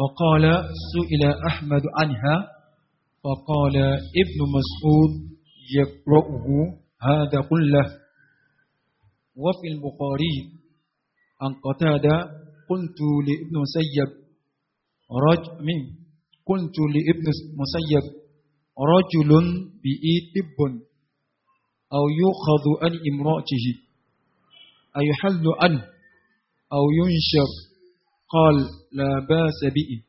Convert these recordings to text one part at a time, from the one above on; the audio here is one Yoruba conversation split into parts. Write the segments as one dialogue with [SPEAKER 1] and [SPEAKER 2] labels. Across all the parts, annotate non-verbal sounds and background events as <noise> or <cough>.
[SPEAKER 1] وقال سئل أحمد عنها فقال ابن مسعود يقرأه هذا كله وفي البخاري عن قتادة قلت لابن مسيب رجل من قلت لابن مسيب رجل بإي طب أو يؤخذ عن امرأته أيحل عنه أو ينشر قال لا باس به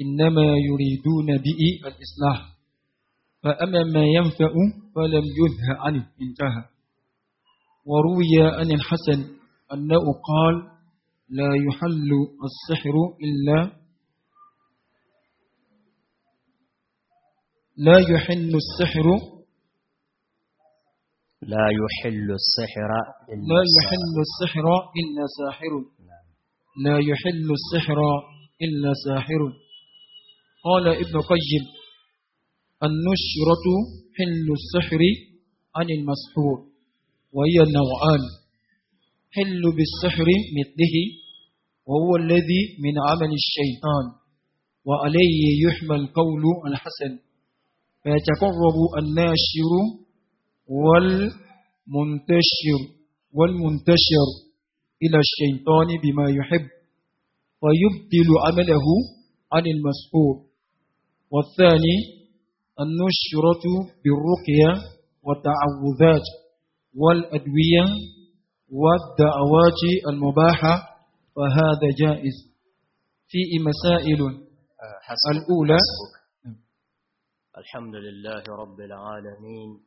[SPEAKER 1] إنما يريدون به الإصلاح فأما ما ينفع فلم يذه عنه انتهى وروي عن الحسن أنه قال لا يحل السحر إلا لا يحل السحر
[SPEAKER 2] لا يحل السحر إلا
[SPEAKER 3] لا يحل
[SPEAKER 1] السحر إلا ساحر لا يحل السحر إلا ساحر قال ابن قيم النشرة حل السحر عن المسحور وهي النوعان حل بالسحر مثله وهو الذي من عمل الشيطان وعليه يحمل قول الحسن فيتقرب الناشر والمنتشر والمنتشر إلى الشيطان بما يحب ويبدل عمله عن المسحور والثاني النشرة بالرقية والتعوذات والأدوية والدعوات المباحة فهذا جائز فيه مسائل
[SPEAKER 2] آه، الأولى الحمد لله رب العالمين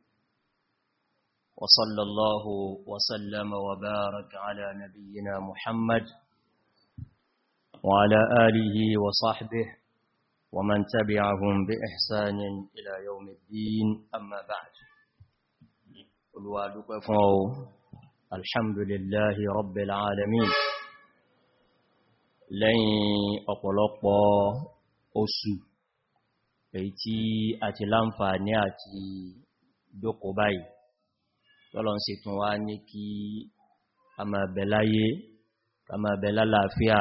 [SPEAKER 2] وصلى الله وسلم وبارك على نبينا محمد وعلى آله وصحبه ومن تبعهم بإحسان إلى يوم الدين أما بعد الوالد الحمد لله رب العالمين lẹ́yìn ọ̀pọ̀lọpọ̀ oṣù èyí tí a ti láǹfà lọ́lọ́n sì tún wá ní kí a máa bẹ̀ láyé a máa bẹ̀ lálàáfíà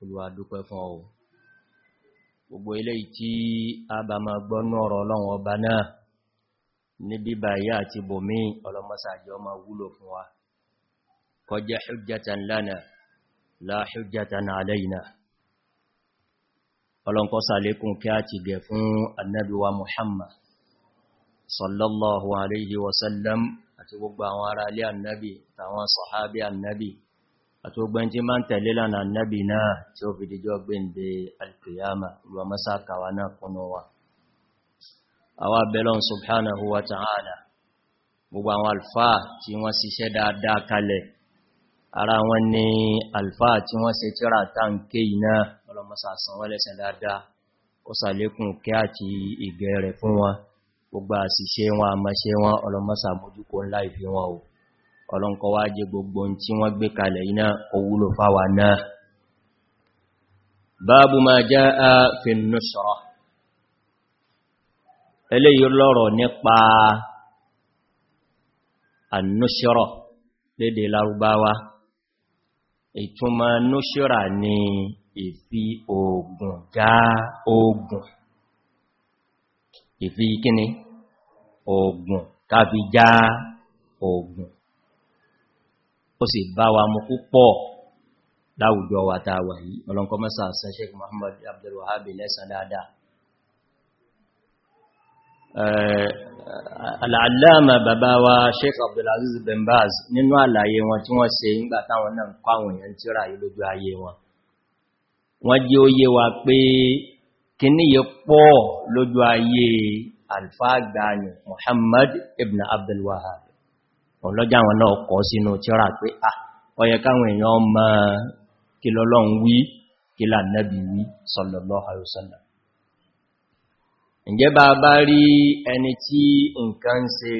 [SPEAKER 2] Olúwa dúpẹ́ fún ọ gbogbo eléyìí tí a bá máa gbọ́nú ọ̀rọ̀ Ọlọ́run ọba náà ní bíbà yá àti bòmí ọlọ́mọsàájọ́ máa wúlò fún wa sallallahu alayhi wa sallam àti gbogbo àwọn ará ilé annabi àtàwọn sọ̀hábí annabi àti gbogbo ẹni tí máa ń tẹ̀lé lànà annabi náà tí ó fi dìjọ́ gbéǹde alkiyama olùwà mọ́sákàwà náà kúnnú wa àwa bẹ̀lọ́n subhanahu wa ta'ala gbogbo àwọn alfáà tí wọ́n ṣiṣẹ́ gbogbo àṣìṣe wọn àmọ́ṣe wọn ọlọ́mọ́sà mójúkó ńlá ìfi wọn o ọlọ́nkọ́ wá jẹ gbogbo tí wọ́n gbé kalẹ̀ iná owúlò fáwà náà báàbù máa já á fi nù sọ́rọ̀ eléyìí lọ́rọ̀ nípa ànúṣọ́rọ̀ lédè lárúbáwá ìtumọ̀ núṣọ́rà ni ìfi oògùn gá oògùn ìfi kíni oògùn káfi já oògùn ó sì bá wa mú púpọ̀ láwùjọ wa ta wà yìí ọlọ́nkọ́ mẹ́sà sẹ́ Sheikh Muhammad Abdul Wahhab lẹ́sàn dáadáa al'alama bàbá wa Sheikh Abdul Aziz bin Baz nínú àlàyé wọn tí wọ́n ṣe ńgbà táwọn náà kọ́ àwọn èèyàn tíra yìí lójú ayé wọn wọ́n jẹ́ ó yé wa pé kíní yẹ pọ̀ lójú ayé alfáàgbàyàn Muhammad ibn Abdul Wahhab ọlọ́jà wọn náà kọ sínú tírà pé à ah, ọyẹ káwọn èèyàn ọmọ kí lọ́lọ́run wí kí lànàbì wí sallallahu alaihi wasallam ǹjẹ́ bá bá rí ẹni tí nǹkan ń ṣe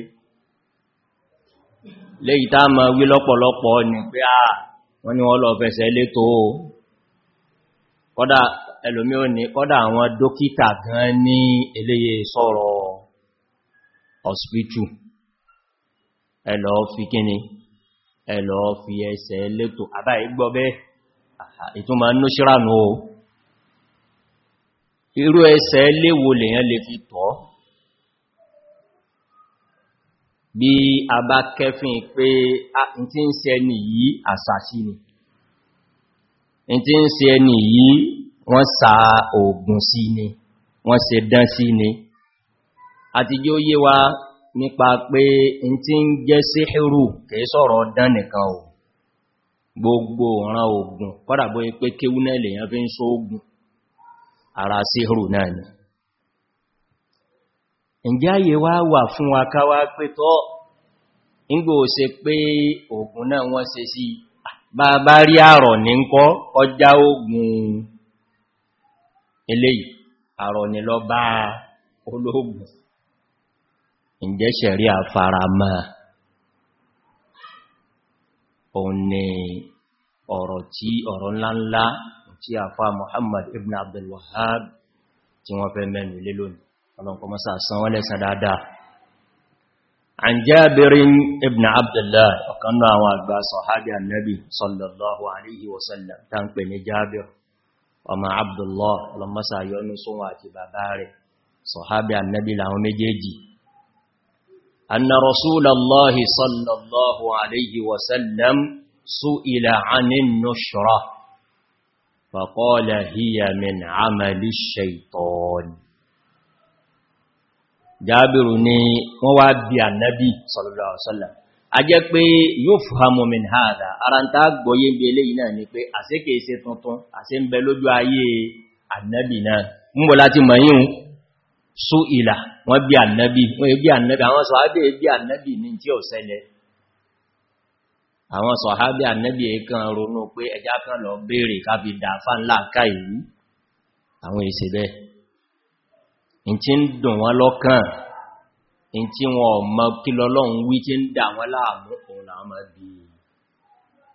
[SPEAKER 2] léyìí tá ma wí lọ́pọ̀lọpọ̀ ah, ní pé à wọ́n ni wọ́n lọ fẹsẹ̀ létò kódà ẹlòmí ó ní kọ́dà àwọn dókítà gan ní eléyè sọ̀rọ̀ hospital ẹlọ́ fi kíni ẹlọ́ fi ẹsẹ̀ lẹ́tò àbá ìgbọ́bẹ́ ìtúnmà nóṣíránú o irú ẹsẹ̀ léwo lèyàn lè fi tọ́ bí a bá kẹfin pé a ń ṣe ẹni yìí àṣàṣì ni ti ń ṣe ẹni yìí wọ́n sa oògùn sí ni wọ́n ṣe dán sí ni àti jí ó yé wa nípa pé in ti ń jẹ́ síhìrù kìí sọ̀rọ̀ dán nìkan o gbogbo ọ̀ràn oògùn kọ́dàbọ́ pé kéwúnẹ́ lèyàn fi ń só oògùn ara síhìrù náà ni ǹjẹ́ àyè wá wà fún wa ká wá pé tọ́ ìgbò ṣe pé oògùn náà wọ́n ṣe sí bá bá rí àrọ̀ ní ń kọ́ ọjá oògùn eléyìí àrọ̀ ni lọ bá olóògùn ǹjẹ́ ṣẹ̀rí àfaramá òun ni ọ̀rọ̀ tí ọ̀rọ̀ ńláńlá tí àfá Muhammad ibn Abdul Wahhab tí wọ́n fẹ́ mẹ́nu ilé lónìí ọlọ́nkọ́ mọ́sá san wọ́n lẹ́sàn dáadáa an Jabirin ibn Abdullah ọ̀kan náà àwọn àgbà sọ̀hábí annabi sallallahu alaihi wasallam ta ń pè ní Jabir ọmọ abdullah ọlọ́mọ́sá yọ́nú sóhun àti bàbá rẹ̀ sọ̀hábí annabi láwọn méjèèjì anna rasulallahi sallallahu alayhi wasallam su'ila anin nushra faqala hiya min amali shaitan jábìrù ni wọ́n wá bí annabi sallallahu alaihi wasallam a jẹ́ pé yóò fàmù min hádà ara ta gbọ́yé bí eléyìí náà ni pé àṣíkè ṣe tuntun àṣí ń bẹ lójú ayé annabi náà ń láti mọ̀yún sú ìlà wọ́n bí annabi àwọn sọ̀hábẹ̀ bí annabi ní tí ó sẹlẹ̀. àwọn sọ̀hábẹ̀ annabi kan ronú pé in ti won mo kilo olohun wi ti n da won la mu ola ma bi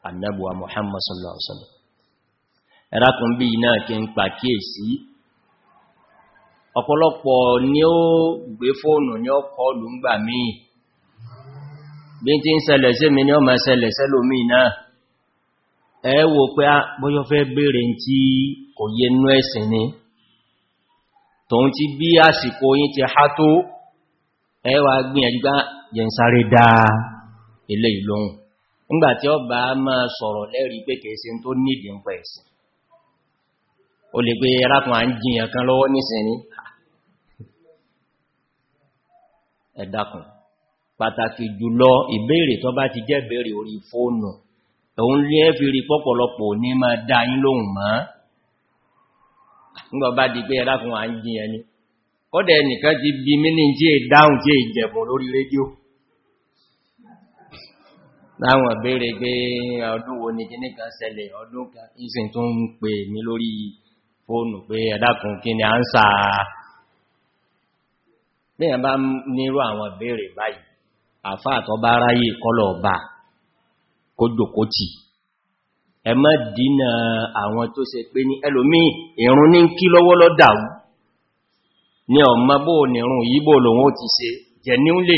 [SPEAKER 2] annabi muhammad sallallahu alaihi wasallam era kun bi na ke n pa kiesi opolopo ni o gbe ni o ko lu ngba mi bi ti n se mi ni ah, o ma sele se lomi na e wo pe a boyo fe bere nti ko ye ni to n ti bi asiko yin ti ha to ẹwà gbìyànjú gbá jẹnsáré dáa ilé ìlóhun nígbàtí ọ bá máa sọ̀rọ̀ lẹ́rí pé kèèsí tó nídì ń pẹ̀ sí o lè pé ẹrákùn à ń jiyàn kan lọ́wọ́ nísìnyí ẹ dákun pàtàkì jùlọ ìbéèrè tó bá ti jẹ́ béèrè orí fóònù òun lé fi rí pọ́pọ̀lọpọ̀ ní máa dá yín lóhùn mọ́ nígbà di pé ẹrákùn à ń jiyàn ni kọ́dẹ̀ nìkan ti bí mínú jí ìdáhùn jí ìjẹ̀bùn lórí rédíò láwọn àbẹ́rẹ̀ pé ọdún wo ní kíní kan ṣẹlẹ̀ ọdún kan ìsìn tó ń pè mí lórí fóònù pé ẹ̀dàkùn kí ni a ń sà lẹ́yìn bá nírú àwọn àbẹ́rẹ̀ báyìí àfáà tó bá ráyè kọ́lọ̀ ọba kó jòkótì ẹ má dínà àwọn tó ṣe pé ní ẹlòmíì ìrún ní kí lọ́wọ́ ní ọmọ bó nìrún yìí bó lòun ó ti ṣe jẹ ní lè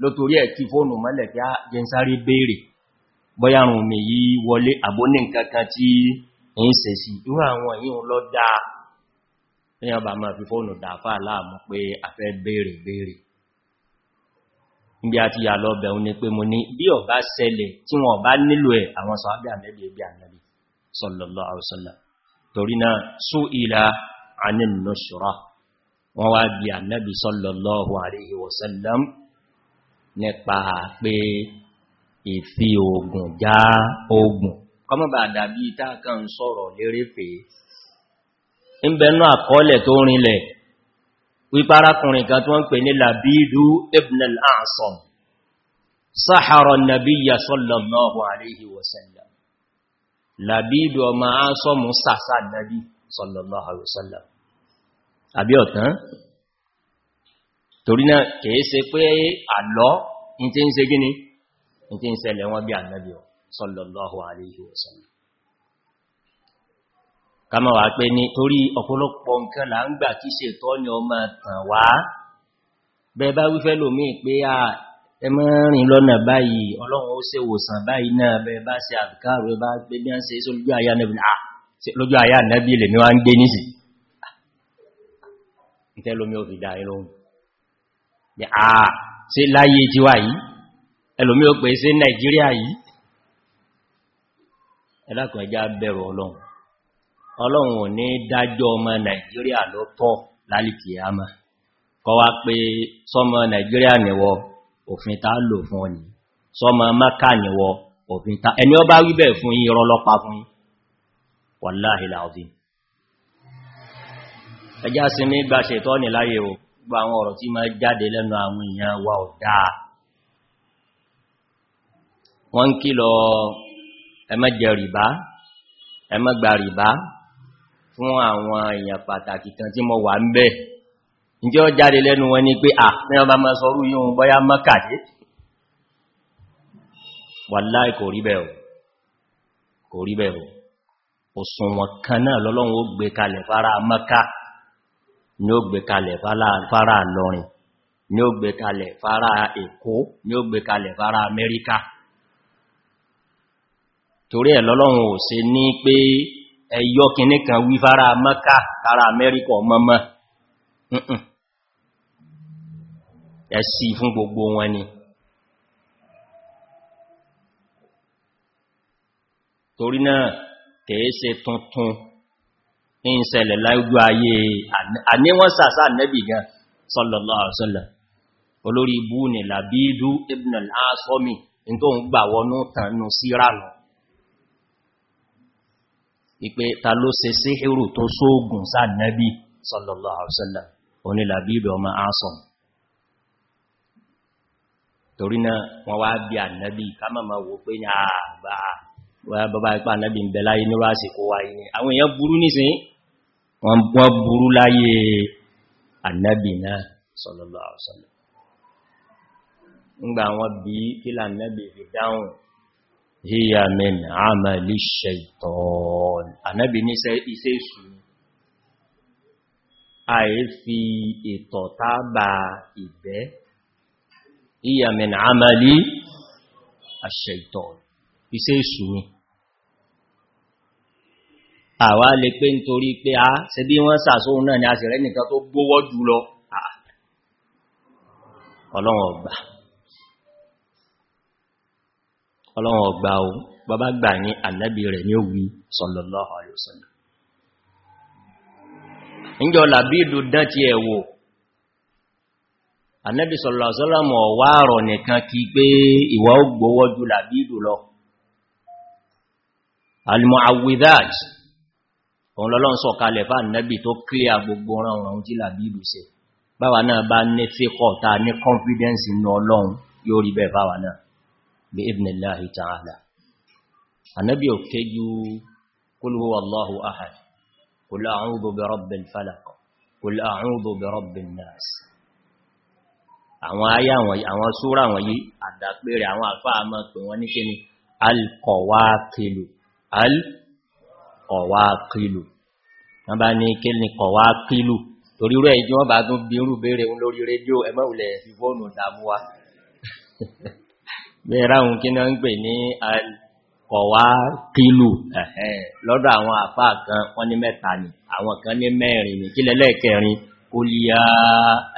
[SPEAKER 2] ló torí ẹ̀ kí fóònù mọ́lẹ̀ kí á jẹ ń sáré béèrè bọ́yárùn mi yìí wọlé àbóní nǹkankan tí ń ṣe sí irú àwọn yìí ń lọ dáa èyàn bá máa fi fóònù dáfà láàmú pé a fẹ́ béèrè béèrè níbi àti yà torí náà sú ìlà anìnà ṣùrọ̀ wọ́n wá bí ànábì sallallahu alayhi wa sallam nípa pé ìfi ogun já ogun kọmọ bá dàbí ìtàkà ń sọ̀rọ̀ lérí pé ń bẹnú àkọọ́lẹ̀ tó rinlẹ̀ wípárakùnrin kan tó ń pè ní labidu ibn al-A'sam sahara nabiyya sallallahu alayhi wa àbí ọ̀tán torí náà kìí ṣe pé àlọ́ ní tí ń ṣe gíní ní tí ń ṣẹlẹ̀ wọ́n bí ànábì sallallahu alayhi wa kama wà pé ní torí ọ̀pọ̀lọpọ̀ nǹkan là ń gbà kí ṣe tọ́ ni ọmọ tàn wá bẹ́ẹ̀bá wífẹ́ lómi pé à ẹmọ́ rìn lọ́nà báyìí ọlọ́run ó ṣe wòsàn báyìí náà bẹ́ẹ̀bá ṣe àbùkárò bá gbé bí wọ́n ṣe lójú àyà nẹ́bí lèmi wá ń gbé nísìí ìtẹ́lómi ò fi dá ẹlóhun bí a ṣe láyé jíwá yìí ẹlòmí ò pè ṣe nàìjíríà yìí ẹlákùn ẹjá bẹ̀rù ọlọ́run ọlọ́run ò ní dájọ́ ọmọ nàìjíríà ló tọ́ lálìkì àmà kọ wá pé sọmọ nàìjíríà nìwọ òfin ta lò fún ọ̀nì sọmọ maka nìwọ òfin ta ẹni ọba wíbẹ̀ fún yí rọ́lọ́pàá fún yí wàláhìláàdín ẹjá sí mi gbà ṣètọ́ ní láyé o gbà àwọn ọ̀rọ̀ tí ma jáde lẹ́nu àwọn èèyàn wa ò dáa wọ́n ń kìlọ̀ ẹmẹ́jẹ rìbá ẹmẹ́gbà rìbá fún àwọn èèyàn pàtàkì kan tí mo wà ń bẹ ǹjẹ́ ó jáde lẹ́nu wọn ni pé òsùnwọ̀n kan náà lọ́lọ́run gbé kalẹ̀ fara mọ́kàdé ni ó gbé kalẹ̀ fara lọrin ni ó gbé kalẹ̀ fara èkó ni ó gbé kalẹ̀ fara amẹ́ríkà torí ẹ̀ lọ́lọ́run ò ṣe ní pé ẹyọ kìíní kan wí fara mọ́ká fara amẹ́ríkà mọ́mọ́ ẹ̀sì fún gbogbo wọn ni torí náà kèése tuntun ní ìṣẹ̀lẹ̀ láìjú ayé àníwọ́n sàsá nẹ́bì gan sallallahu alaihi wasallam olórí ibú ni Labidu ibn al asomi in tó ń gbà wọnú tànú sírànù ìpé ta ló ṣe síhìrù tó sóògùn sá nẹ́bì sallallahu alaihi wasallam oní Labidu ọmọ asom torí náà wọ́n wá bí ànẹ́bì ká mọ̀ wò pé ní àgbà bàbá ipá ànẹ́bì ń bẹ láyé níwá àsìkò wáyé àwọn èèyàn burú nísìnyí wọ́n burú láyé annabi náà sallallahu alaihi wasallam ńgbà wọn bí kílà annabi fi dáhùn hiya min amali shaitan annabi ní iṣẹ́ ìṣù àyè fi ìtọ̀ tábà ìbẹ́ hiya min amali shaitan iṣẹ́ ìṣù ni àwa lè pé nítorí pé a ah, ṣe bí wọ́n sàsóhun náà ni a sì rẹ́ nìkan tó gbówọ́ jù lọ ah, ọlọ́wọ̀n ọgbà ọlọ́wọ̀n ọgbà o bàbá gbà ní ànábì rẹ̀ ní òwú sallallahu alaihi wasallam níjọ́ làbídù ti ẹ̀wò ànábì sallallahu alaihi òun lọ́lọ́n sọ kalẹ̀ fà nẹ́bì tó kílẹ̀ gbogbo ọ̀rọ̀ ohun tí làbíbù ṣe báwa náà bá ní fíkọ̀ ta ní confidence inú ọlọ́run yóò rí bẹ́ẹ̀ báwa náà bí ibnillahi ta'ala anẹ́bì ò kéjú qul huwallahu ahad qul a'udhu birabbil falaq qul a'udhu birabbin nas kọ̀wá kílù wọ́n bá ní kí ní kọ̀wá kílù torí rẹ̀ ìjọ bá tún bí irú béèrè un lórí rédíò ẹmọ́wùlẹ̀ fi fóònù dámúwá bẹ́ẹ̀ráhùn kí náà ń pè ní kọ̀wá kílù lọ́dọ̀ àwọn àfá kan wọ́n ní mẹ́ta ni àwọn kan ní mẹ́rin ni kí lẹ́lẹ́kẹrin kó líyá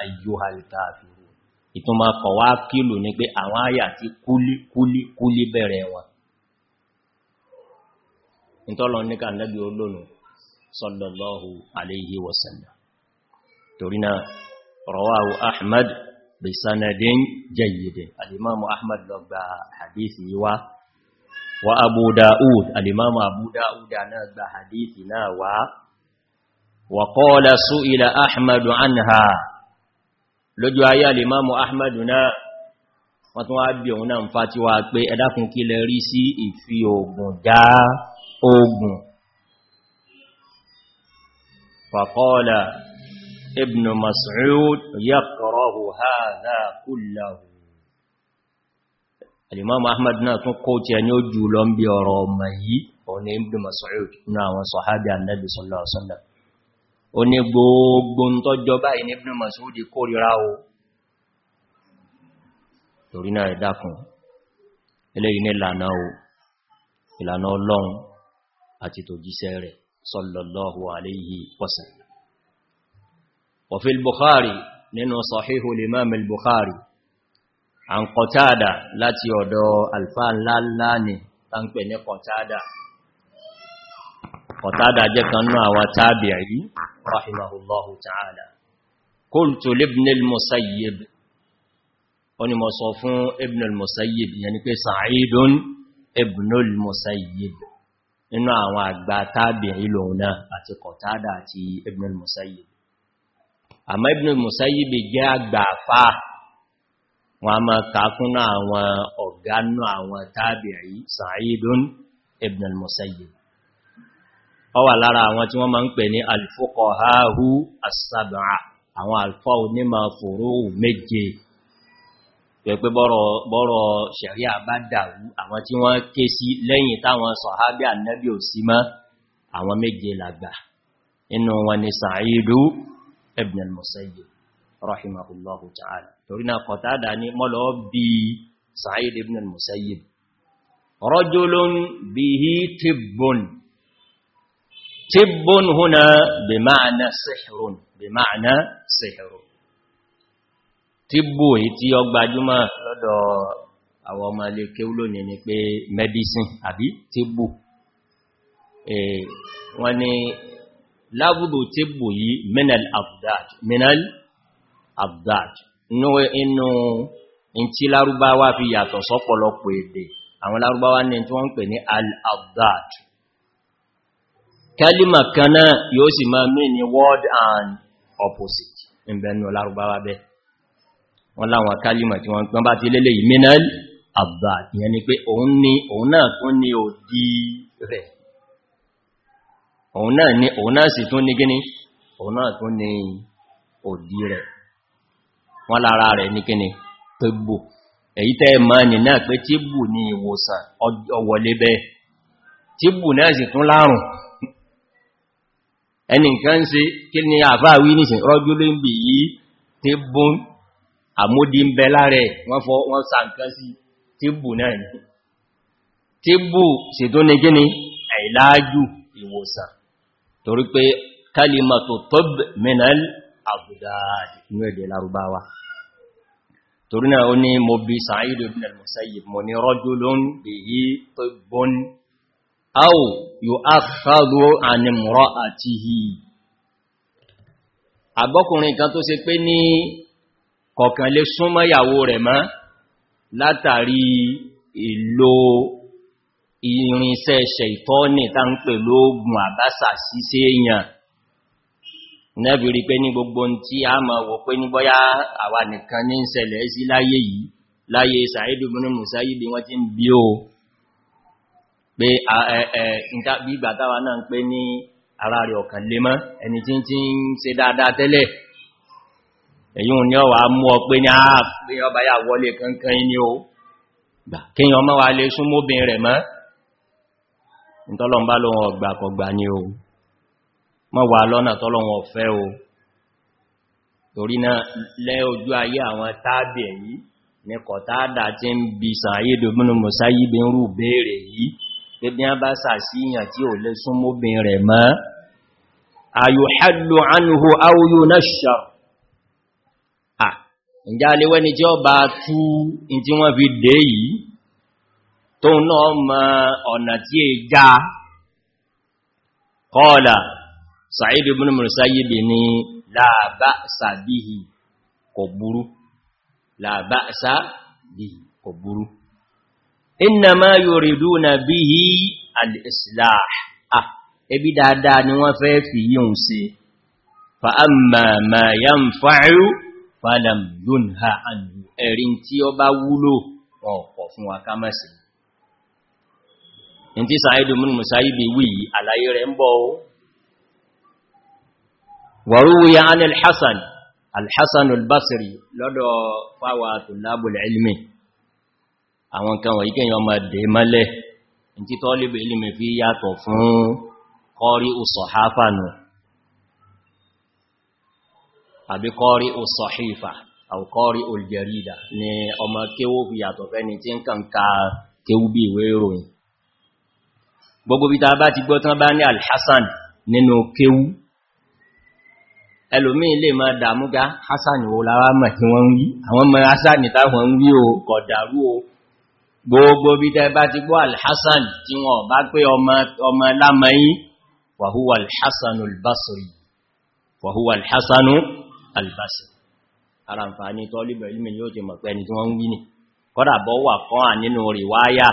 [SPEAKER 2] ayyóhàlìta àfihàn ìtumọ̀ kọ̀wá kílù ni pé àwọn àyà tí kúlí bẹ̀rẹ̀ wọn ìtọ́lọ ní ká nẹ́bí olónù sallallahu alayhi wa sallam torí náà rawahu ahmad bi sanadin jayyidin alimamu ahmad ló gba hadithi wa wa abu da'ud alimamu abu da'ud náà gba hadithi náà wa wa qala su'ila ahmad anha lójú ayé alimamu ahmad náà wọ́n tún wá bí òun náà ń fàtíwá pé ẹ̀dákun kí sí ìfi ògùn dáa ogun fàkọ́ọ̀lá ibn mas'ud yaqrahu hadha kullahu al-imam ahmad náà tún kó tí ẹni ó jù lọ ń bí ọ̀rọ̀ ọmọ yìí ọ̀nà ibn mas'ud ní àwọn sọ̀hábí annabi sallallahu alaihi wasallam ó ìlànà ọlọ́run àti tòjíṣẹ́ rẹ̀ sallallahu alayhi wa sallam wa fil Bukhari nínú sahihu limam al-Bukhari an Qatada láti ọ̀dọ̀ alfa ńláńlá ni tánpè ní Qatada Qatada jẹ́ kan náà wa tabi'i rahimahullahu ta'ala qultu libn al-Musayyib oni mo sọ fún ibn al-Musayyib yani pé Sa'idun ibn al-Musayyib nínú àwọn àgbà tábìí lòun náà àti Qatada àti Ibn al-Musayyib àmọ́ Ibn al-Musayyib jẹ́ àgbà àfá wọn a máa kàákúnnà àwọn ọ̀gánú àwọn tábìí Sa'idun Ibn al-Musayyib ó wà lára àwọn tí wọ́n máa ń pè ní al-fuqaha'u àwọn alfọ́ onímọ̀ fòró méje pẹ̀ pé bọ́rọ̀ ṣẹ̀rí àbá dàrú àwọn tí wọ́n ké sí lẹ́yìn táwọn sọ̀hábí ànábì ò sí mọ́ àwọn méje làgbà inú wọn ni Sa'idu ibn al-Musayyib rahimahullahu ta'ala torí náà Qatada ní mọ́lọ́ bí Sa'idu ibn al-Musayyib rajulun bihi tibbun tibbun tíbù èyí tí ó gbajúmọ̀ lọ́dọ̀ àwọn ọmọ ilé kéwú ni pé medicine àbí tíbù wọ́n ni lábùdó tíbù yìí minal abdaj minal abdaj inú in tí lárúbáwá fi yàtọ̀ sọ́pọ̀lọpọ̀ èdè àwọn lárúbáwá ní tí wọ́n pè ní al-abdaj kálímà kanáà yóò sì máa mí ní word and opposite ìbẹ̀nu lárúbáwá bẹ́ẹ̀ wọ́n láwọn kálímọ̀ tí wọ́n gbọ́n bá ti lélẹ̀ ìmínal àbà ìyẹn ni pé òun ni òun náà tún ní òdí rẹ̀ òun náà ni òun náà sì tún ní gíní òun náà tún ní òdí rẹ̀ wọ́n lára rẹ̀ ní gíní tẹ́gbò èyí tẹ́ ma nì náà pé tíbù ní ìwòsàn ọwọlé bẹ́ẹ̀ tíbù náà sì tún lárùn ẹnìkan sí kí ni àfáà wí nìsìn rọ́jú ló ń bì yí tíbùn àmúdí ń bẹ láàrẹ wọ́n fọ́ wọ́n sa nǹkan sí tíbù náà ní tíbù sì tó ní gíní àìláájú ìwòsàn torí pé kalimatu tob minal abudad inú èdè Lárúbáwá torí náà ó ní mo bí Sa'id ibn kọ̀kan lè súnmọ́ ìyàwó rẹ̀ mọ́ látàrí ìlò irinṣẹ́ ṣẹ̀tánì tá ń pè lóògùn àbásà síse èèyàn nẹ́bìrí pé ní gbogbo tí a ma wò pé ní bọ́yá àwa nìkan ní ìṣẹ̀lẹ̀ sí láyé yìí láyé Sa'idu ibn Musayyib wọ́n ti ń bí èyí ni ọwà mú ọ pé ní ààbí ah, ọba yà wọlé kankan ní o gbà kí yàn mọ́ wa lè sún móbin rẹ̀ mọ́ ìtọ́lọ̀mbá lóhun ọgbà kọgbà ní o mọ́ wà lọ́nà tọ́lọ̀wọ̀n ọ̀fẹ́ o torí náà lẹ́ ojú ayé àwọn tábì èyí ní kọ̀tádà tí ń bi sàáyédò múnú mọ̀sáyíbi ń ìjá léwẹ́ ni tí ó bá tú in tí wọ́n fi dé yìí tó náà mọ ọ̀nà tí è já kọ́ọ̀lá Sa'id ibn Musayyib ni la bihi kò burú la ba'sa bihi kò burú innama yuriduna bihi al-islah ah ebi dáadáa ni wọ́n fẹ́ fi yíò ṣe fa'amma ma yanfa'u falam yunha anhu ẹ̀rin tí ó bá wúlò ọ̀pọ̀ fún wa ká mẹ́sì ní tí sàáìdù múnù musáyìbì wí àlàyé rẹ̀ ń bọ̀ ó wàrúwúyá an alhassan alhassan albasri lọ́dọ̀ fáwà tulabul ilmi àwọn kan wà ikẹ́ yọmọ dè mọ́lẹ̀ ní tí tọ́lébù ilmi fi yàtọ̀ fún kọrí usọ̀háfà àbí kọ́rí òsọ̀hífà àwòkọ́rí olùjẹ̀rídà ni ọmọ kéwó fi yàtọ̀ fẹ́ni tí ń kàn ká kéwú bí ìwé ìròyìn gbogbo bí ta bá ti gbọ́ tán bá ní alhassan nínú kéwú ẹlòmí ilé ma dàmúgá hassan wo lára mọ̀ tí wọ́n ń wí àwọn mọ̀ hassan táwọn ń wí o kọ̀dàrú o gbogbo bí ta ti gbọ́ alhassan tí wọ́n bá pé ọmọ lámọ́yí wàhúwà alhassan albasri wàhúwà alhassanu albasi ara nfàní tọ́líbẹ̀ ilmi yóò ti mọ̀ pẹ́ni tí wọ́n ń wí ní kọ́dà bọ́ wà kan à nínú rìwáyà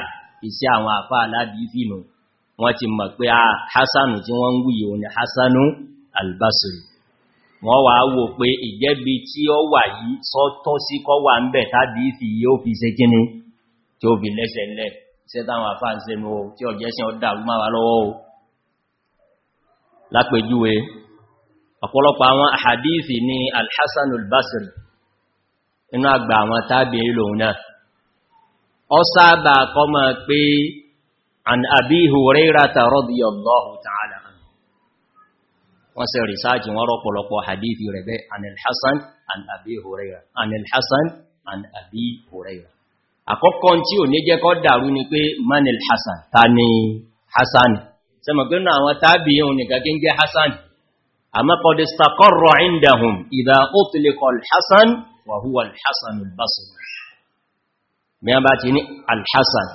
[SPEAKER 2] iṣẹ́ àwọn àfá alábi fìnù wọ́n ti mọ̀ pé a ah, hasanu tí wọ́n ń wí yóò ni hasanu albasiri wọ́n wà wò pé ìjẹ́bi tí ó wà yìí sọ́tọ́ sí kọ́ wà ń bẹ̀ tàbí ìfì yóò fi ṣe kíní tí ó fi lẹ́sẹ̀ lẹ́ iṣẹ́ táwọn àfá ń ṣe mú o tí ọjẹ́sìn ọdá máa wà lọ́wọ́ o lápẹjúwe ọ̀pọ̀lọpọ̀ àwọn àhàdíìsì ni alhassan al-basri inú àgbà àwọn tàbí lòun náà ọ sáàbà kọ mọ̀ pé an abi hurairata radiyallahu ta'ala wọ́n ṣe rìsáàjì wọ́n rọ̀pọ̀lọpọ̀ hadithi rẹ̀ bẹ́ an alhassan an abi huraira an alhassan an abi huraira àkọ́kọ́ tí ò ní jẹ́ kó dàrú ni pé man alhassan ta ni hassan أما قد استقر عندهم إذا أطلق الحسن وهو الحسن البصري مياباتني الحسن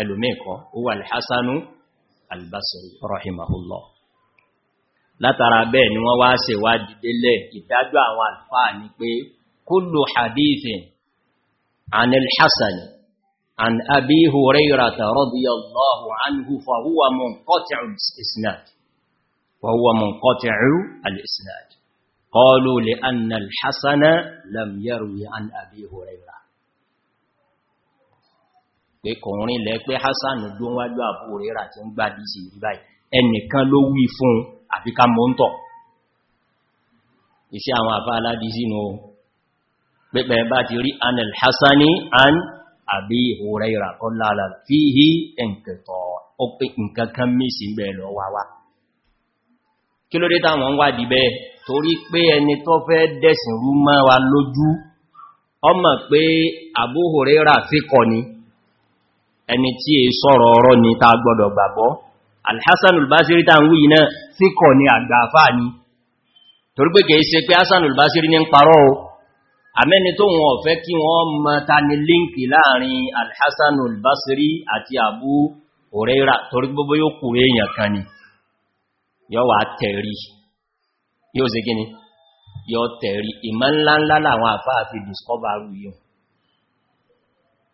[SPEAKER 2] ألميكو هو الحسن البصري رحمه الله látara bẹ́ẹ̀ ni wọ́n wá ṣe wá dìdélẹ̀ ìdájọ́ àwọn alfáà ní pé kúlù hadithin anil hassan an abi hurairata radiyallahu anhu fahuwa munqati'ul isnad فهو منقطع الإسناد قالوا لأن الحسن لم يروي عن أبي هريرة pé kò rìn lẹ́ pé hassan ló ń wájú àbú rírà tí ń gbá dìsì ìbáyì ẹnìkan ló wí fún àbíká mọ́ntọ̀ iṣẹ́ àwọn àfá aládìsí nù pẹ́pẹ́ bá ti rí anil hassani an àbí ìhòrẹ́ ìràkọ́lá fíhí ẹnkẹ̀tọ̀ ó pé nǹkan mí sí bẹ̀ẹ̀ lọ wáwá kí ló dé táwọn ń wádìí bẹ́ẹ̀ torí pé ẹni tó fẹ́ dẹ̀sìn rú mọ́ wa lójú ọmọ pé Abu Huraira fíkọ ni ẹni tí è sọ̀rọ̀ ọ̀rọ̀ ni ta gbọ́dọ̀ gbàgbọ́ Al-Hasan al-Basri ta ń wí iná fíkọ ni àgbàfà ni torí pé kìí ṣe pé Hasan al-Basri ní ń parọ́ o àmẹ́ni tó Al-Hasan al-Basri Abu Huraira torí gbogbo yóò kù ni yóò wà tẹ̀rí yóò ṣe gíní yóò tẹ̀rí ìmọ̀ ńláńlá làwọn àfáà fi discover yóò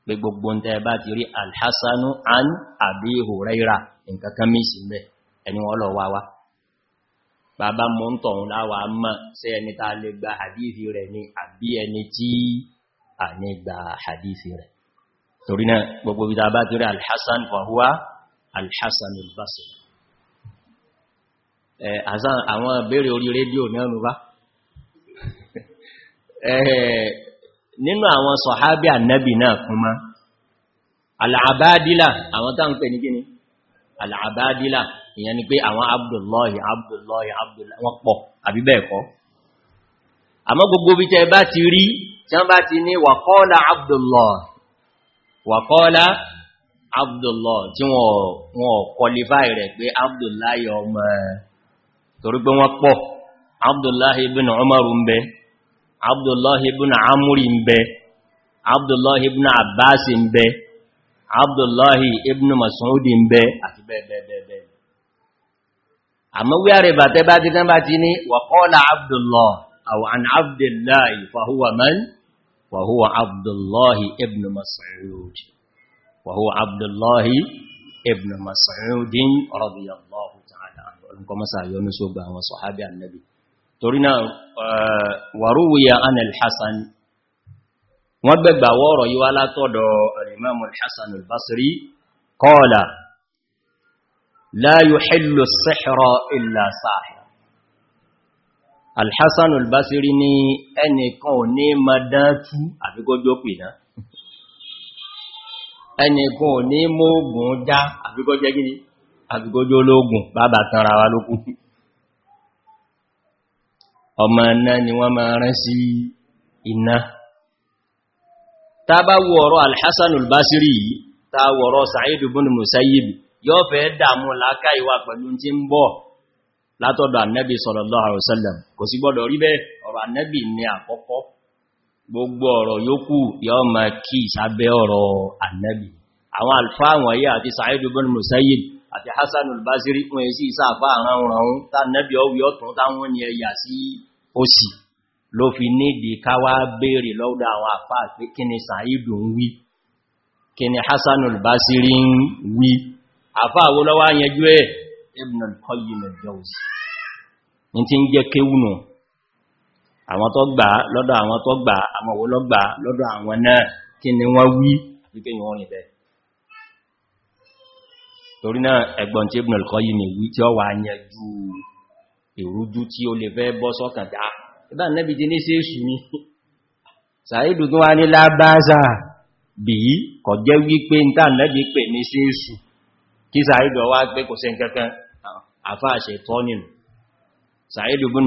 [SPEAKER 2] pé gbogbo ń tẹ́ bá ti rí alhassanu an àbí huraira nǹkan kan mí sí mẹ́ ẹni wọ́n lọ wá wá bàbá mọ́ ń tọ̀hún láwàá mọ́ sí ẹni tàà lè gba hadithi rẹ̀ ni àbí ẹni tí a ní gba hadithi rẹ̀ torí náà gbogbo bí bá ti rí alhassan fahuwa alhassan al Eh, àzá àwọn ìbéèrè orí rédíò náà nù bá <laughs> eh, nínú àwọn sọ̀hábí ànábì náà kún má al'abádílà àwọn tá ń pè ní gíní al'abádílà ìyẹn ni pé àwọn abdullahi abdullahi abdullahi wọ́n pọ̀ àbí bẹ́ẹ̀ kọ́ àmọ́ gbogbo bí tẹ bá ti rí tí wọ́n bá ti ní wàkọ́lá abdullahi wàkọ́lá abdullahi torí pé wọ́n pọ̀ abdullahi ibn umaru ń bẹ abdullahi ibn amuri ń bẹ abdullahi ibn abbas ń bẹ abdullahi ibn masudi ń bẹ àti bẹ́ẹ̀bẹ́ẹ̀bẹ́ẹ̀ àmọ́ wí àrẹ̀bà tẹ́ bá ti tẹ́bá ti ní wa qala abdullahi aw an abdullahi fahuwa man fahuwa abdullahi ibn mas'ud fahuwa abdullahi ibn mas'ud radiyallahu kọmọ́sà yọnú sógbà àwọn sọ̀hábí annabi torí náà eh, wàrúwíyà anil hassan wọ́n gbẹ̀gbà wọ́rọ̀ yí wá látọ́dọ̀ al-imam al-hassan al-basri qala la yuhillu as-sihra illa sahir al-hassan al-basri ní ẹnìkan ò ní madájú àbíkójó pìnà ẹnìkan ò ní mọ́gùn já àbíkójẹ́ gini àgbójó ológun bàbá tanra wa ló kú ọmọ iná ni wọ́n máa rán sí iná tàbá wo ọ̀rọ̀ alhassan albasiri yìí ta wọ̀rọ̀ sa'id ibn musayyib yóò fẹ́ dàmú láká ìwà pẹ̀lú tí ń bọ̀ látọ̀dọ̀ annabi sallallahu alaihi wasallam kò sí gbọ́dọ̀ rí bẹ́ẹ̀ ọ̀rọ̀ annabi ni àti hassan al-basiri wọ́n èsì ìsáàfà àránranrun tá nẹ́bí ọwí ọ̀tún táwọn ni ẹ̀yà sí òsì ló fi nídi káwà béèrè lọ́dọ̀ àwọn àfà pé kí ni sàídù ń wí kí ni hassan al-basiri ń wí àfà àwọn lọ́wọ́ yẹjú ẹ̀ ibn al-qayyim al-jawzi ní ti ń jẹ́ kéwùnù àwọn tó gbà torí náà ẹgbọ́n tí Ibn al-Qayyim wí tí ó wà yanjú ìrújú tí ó lè fẹ́ bọ́ sọ́kàndá ìbá nẹ́bí ti ní sí èṣù ní sàídù tó wá ní lábáza bí kọ̀ jẹ́ wípé ń tàn nẹ́bí pè ní sí èṣù kí sàídù wá pé kò sí nǹkankan àfá àṣẹ tọ́ nínú sàídù bú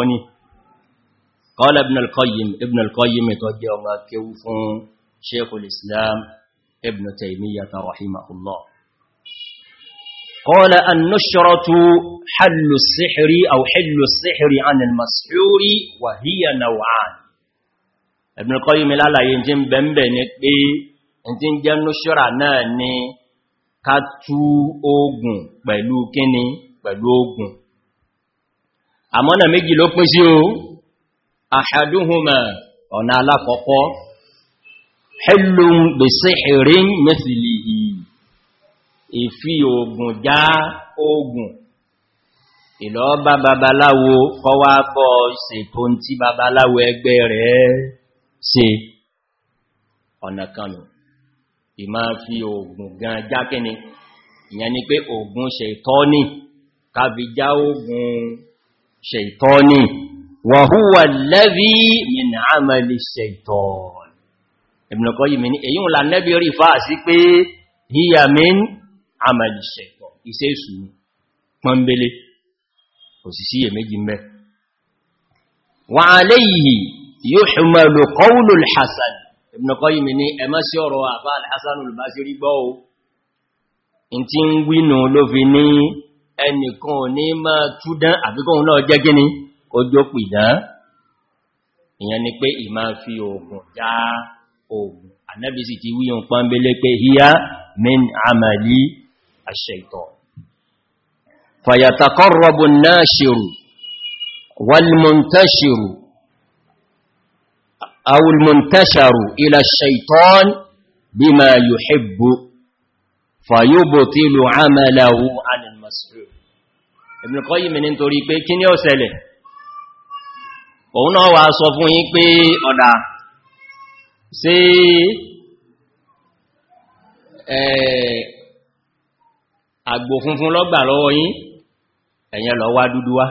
[SPEAKER 2] nínú kọ́lá ibn al-qayyim ibn al-qayyim tó jẹ́ ọmọ kéwú fún sheikhul islam ibn taimiyyata rahimahullah قال النشرة حل السحر أو حل السحر عن المسحور وهي نوعان ابن القيم لا لا ينجم بمبنك بي انتين جẹ́ نشرة náà ni ká tú ogun pẹ̀lú kíni pẹ̀lú ogun àmọ́nà méjì ló pín sí o àṣàdúnhùnmà ọ̀nà alákọ̀ọ́kọ́ hillun bi sihrin mithlihi ìfi ogun já ogun ìlọ bá babaláwo kọwàá bọ́ ṣètò tí babaláwo ẹgbẹ́ rẹ̀ ṣe ọ̀nà kanù ìmá fi ogun gan jákíní ìyẹn ni pé ogun ṣètọ́ ní kábíjá ogun ṣètọ́ ní wàhúwà lẹ́bí min àmàlì ṣẹ̀tọ̀n ìbìnàkọ́ yìí mìí èyí ńlá nẹ́bí rí fáà sí pé híyà min àmàlì ṣẹ̀tọ̀n iṣẹ́ èṣù pọ́nbélé òsìsí èméjì mẹ́ wà aléyìí yóò ṣùmọ̀lù kọwùlù alhassan ìbìnàkọ́ yìí mìí ẹmọ́ sí ọ̀rọ̀ àfá kójó pìdán ìyẹn ni pé ìmá fi oògùn já oògùn ànábì sì ti wíyàn pánbélé pé híyá min àmàlí àṣẹ̀tọ̀ fàyàtàkọ́rọ̀bù náà ṣèrù wàlmùntàṣèrù àwùlmùntàṣàrù ilà ṣẹ̀tọ́n bí ma yù hìbù fàyóbò tí lù àmàlàwù anìmọ̀sílù ibn Qayyim ní torí pé kí ni ó òun náà wà sọ fún yín pé ọ̀dà sí àgbò funfun lọ́gbà lọ́wọ́ yín ẹ̀yẹn lọ wá dúdú wá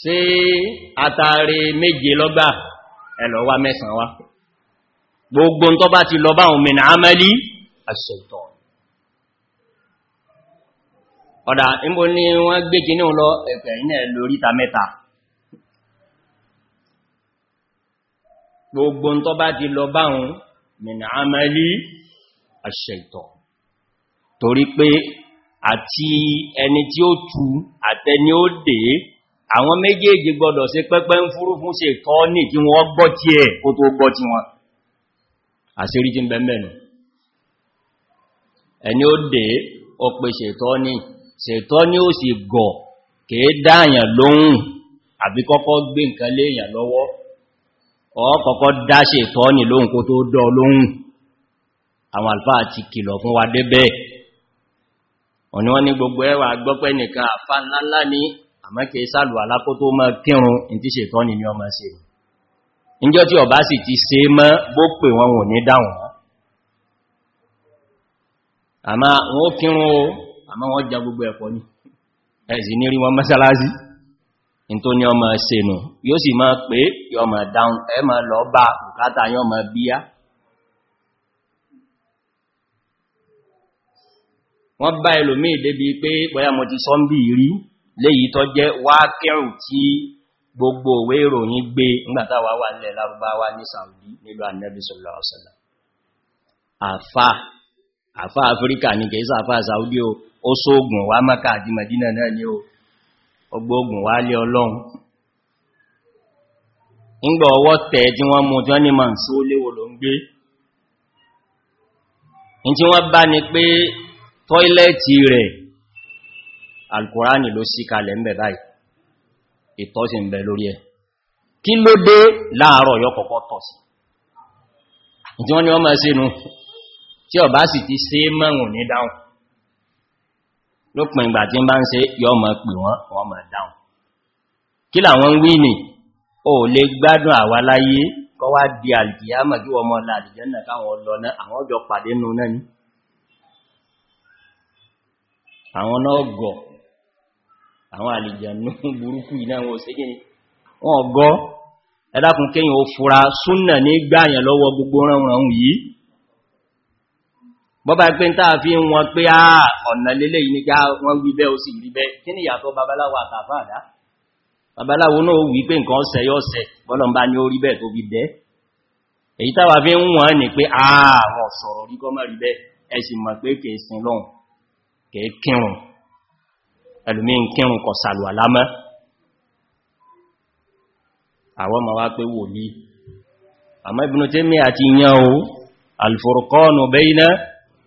[SPEAKER 2] sí <laughs> àtàrí méje lọ́gbà ẹ̀lọ wá mẹ́sàn wá gbogbo tó bá ti lọ báhùn mìnà amẹ́lí àṣẹ̀tọ̀ ọ̀dà ìbò ní wọ́n gbé kí ní lọ ẹ̀pẹ̀ ìnẹ̀ lóríta mẹ́ta gbogbo tó bá ti lọ báhùn mìnà àmàlì àṣẹ̀tọ̀ torí pé àti ẹni tí ó tú àtẹni ó dé àwọn méjèèjì gbọdọ̀ sí pẹ́pẹ́ ń fúrú fún ṣe tọ́ ní kí wọ́n gbọ́ tí ẹ̀ kó tó gbọ́ tí wọn àṣírí ti bẹ̀mẹ̀nù ẹni ó dé ọpẹ́ ṣètọ́ ní ṣètọ́ ní ó sì gọ̀ kèé dáàyàn lóhun àbí kọ́kọ́ gbé nǹkan léèyàn lọ́wọ́ ọ kọ́kọ́ dá ṣètọ́ ní lóhun kó tó dọ́ lóhun àwọn àlfáà ti kìlọ̀ fún wa débẹ̀ ọ̀nà ni gbogbo ẹwà gbọ́pẹ́ nìkan àfá ńláńlá ní àmọ́kẹ́ sálù alákó tó mọ́ kírun in ti ni ni ọmọ ṣe tí ọba sì ti ṣe mọ́ bó pè wọn wò ní dáhùn àmá wọn ó o àmọ́ wọ́n já gbogbo ẹ̀pọ̀ ní ẹ̀sì ní rí wọn mọ́sálásí in tó ní ọmọ ṣẹ̀nù yóò sì máa pé yọmọ dáun ẹmọ lọ bá bùkátà yọmọ bíyá wọ́n bá ẹlòmí débi pé bọ́yá mo ti sọ́mbì rí léyìí tó jẹ́ wákẹ́rù tí gbogbo òwe ìròyìn gbé ngbàtàwà wà nílẹ̀ lárúbáwá ní Saudi nílùú Annabi sallallahu àfáà àfá Áfíríkà ní kẹsà àfá Saudi o ó sóògùn wá Mákà àti Madina náà ni o ọgbóògùn wá lé ọlọ́run ńgbà ọwọ́ tẹ̀ tí wọ́n mú tí wọ́n ní màá só léwò ló ń gbé in tí wọ́n bá ní pé tọ́ílẹ̀tì rẹ̀ alkùránì ló sí kalẹ̀ ń bẹ̀ báyìí ìtọ́sí ń bẹ lórí ni wọ́n máa tí ọba sì ti ṣe mọ́rùn ní dáhùn lópin ìgbà tí ń bá ń ṣe yọ mọ̀ pè wọ́n wọ́n mọ̀ dáhùn kí làwọn wí nì o lè gbádùn àwa láyé kọ́ wá di àlìkìyàmọ̀ kí wọ́n mọ́ láàrìjẹ́nà káwọn lọ náà àwọn jọ pàdé nù náà ní àwọn náà gọ̀ àwọn àlìjẹ̀nú burúkú iná wọn ṣe gíní wọ́n fura súnnà ní gbáyàn lọ́wọ́ gbogbo ránwọ̀n yìí bọ́bá pé ń tàà fi ń wọn pé àà ọ̀nà lélẹ̀ yìí ní kí wọ́n wí bẹ́ ó sì rí bẹ́ kí ni ìyàtọ̀ babaláwo àtàfàdá babaláwo náà wí pé nǹkan ọ̀sẹ̀ yọ́sẹ̀ bọ́lọ̀mbá ni ó rí bẹ́ tó fi bẹ́ èyí tàwà fi ń wọ́n ní pé àà wọ́n sọ̀rọ̀ kọ́ ma wá pé wòlí àmọ́ Ibn Taymiyyah àti yan o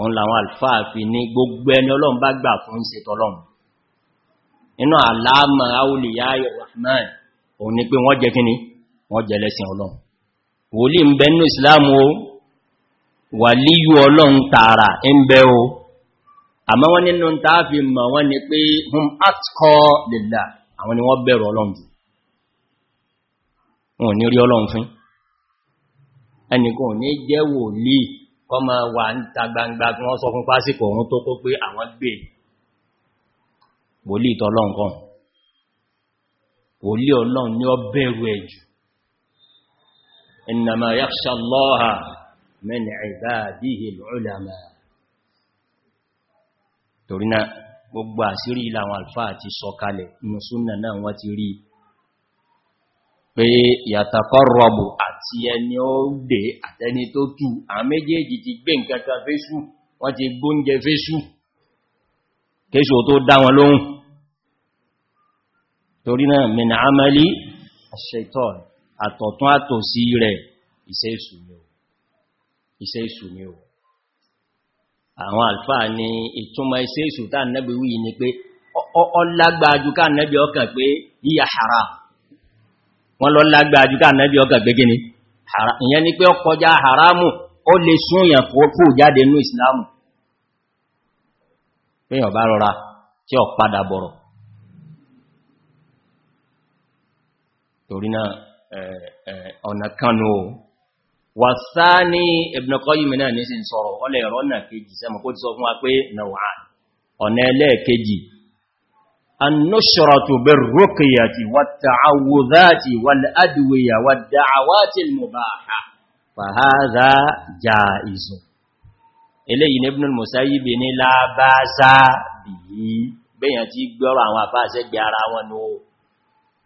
[SPEAKER 2] òun làwọn alfáà fi ní gbogbo ẹni ọlọ́run bá gbà fún ṣe tọ́lọ́run nínú àlàámà áwùlìyà rahman òun ni pé wọ́n jẹ kíní wọ́n jẹ lẹ́sìn ọlọ́run wòlí ń bẹ nínú ìsìláàmù o wàlíyù ni pé hum ẹnìkan ò ní jẹ́ wòlíì kọ́ ma wà ń ta gbangba kí wọ́n sọ fún pásíkò òun tó tó pé àwọn gbé e. wòlí ìtọ́lọ́n kan wòlí ọlọ́n ni ọ bẹ̀rù ẹ̀jù innama yakhsha Allaha min ibadihi al-ulama torí náà gbogbo àṣírí ìlànà alfáà ti sọ kalẹ̀ inú súnnà náà wọ́n ti rí pé yàtàkọ́rọ̀bù àti ẹni ó dé àtẹni tó tú à méjèèjì ti gbé nǹkan kan fésù wọ́n ti gbóúnjẹ fésù kéṣò tó dá wọn lóhùn torí náà min amali ash-shaytan àtọ̀tún àtòsí rẹ̀ iṣẹ́ èṣù ni ó àwọn àlfáà ni ìtúnmọ̀ iṣẹ́ èṣù tá nẹ́bí wí ni pé ọ ká nẹ́bí ọkàn pé yíya haram wọ́n lọ lágbà àjúká nẹ́bí ọkà gbégé ni ìyẹn ni pé ó kọjá haramu ó lè súnyàn kó jáde ní ìsìlámù pèyàn ọba rọra tí ọ padà bọ̀rọ̀ torí ọ̀nà kanu o wàsá ní Ibn Qayyim náà ní sí sọ̀rọ̀ ọlẹ̀ ìrọ́nà kejì sẹ́mọ̀ kó ti sọ fún wa pé nàwà ọ̀nà ẹlẹ́ẹ̀kejì النشرة بالرقية والتعوذات والأدوية والدعوات المباحة فهذا جائز إليه ابن المسيب لا باس به بيان تي gboro àwọn afase gbe ara wọn no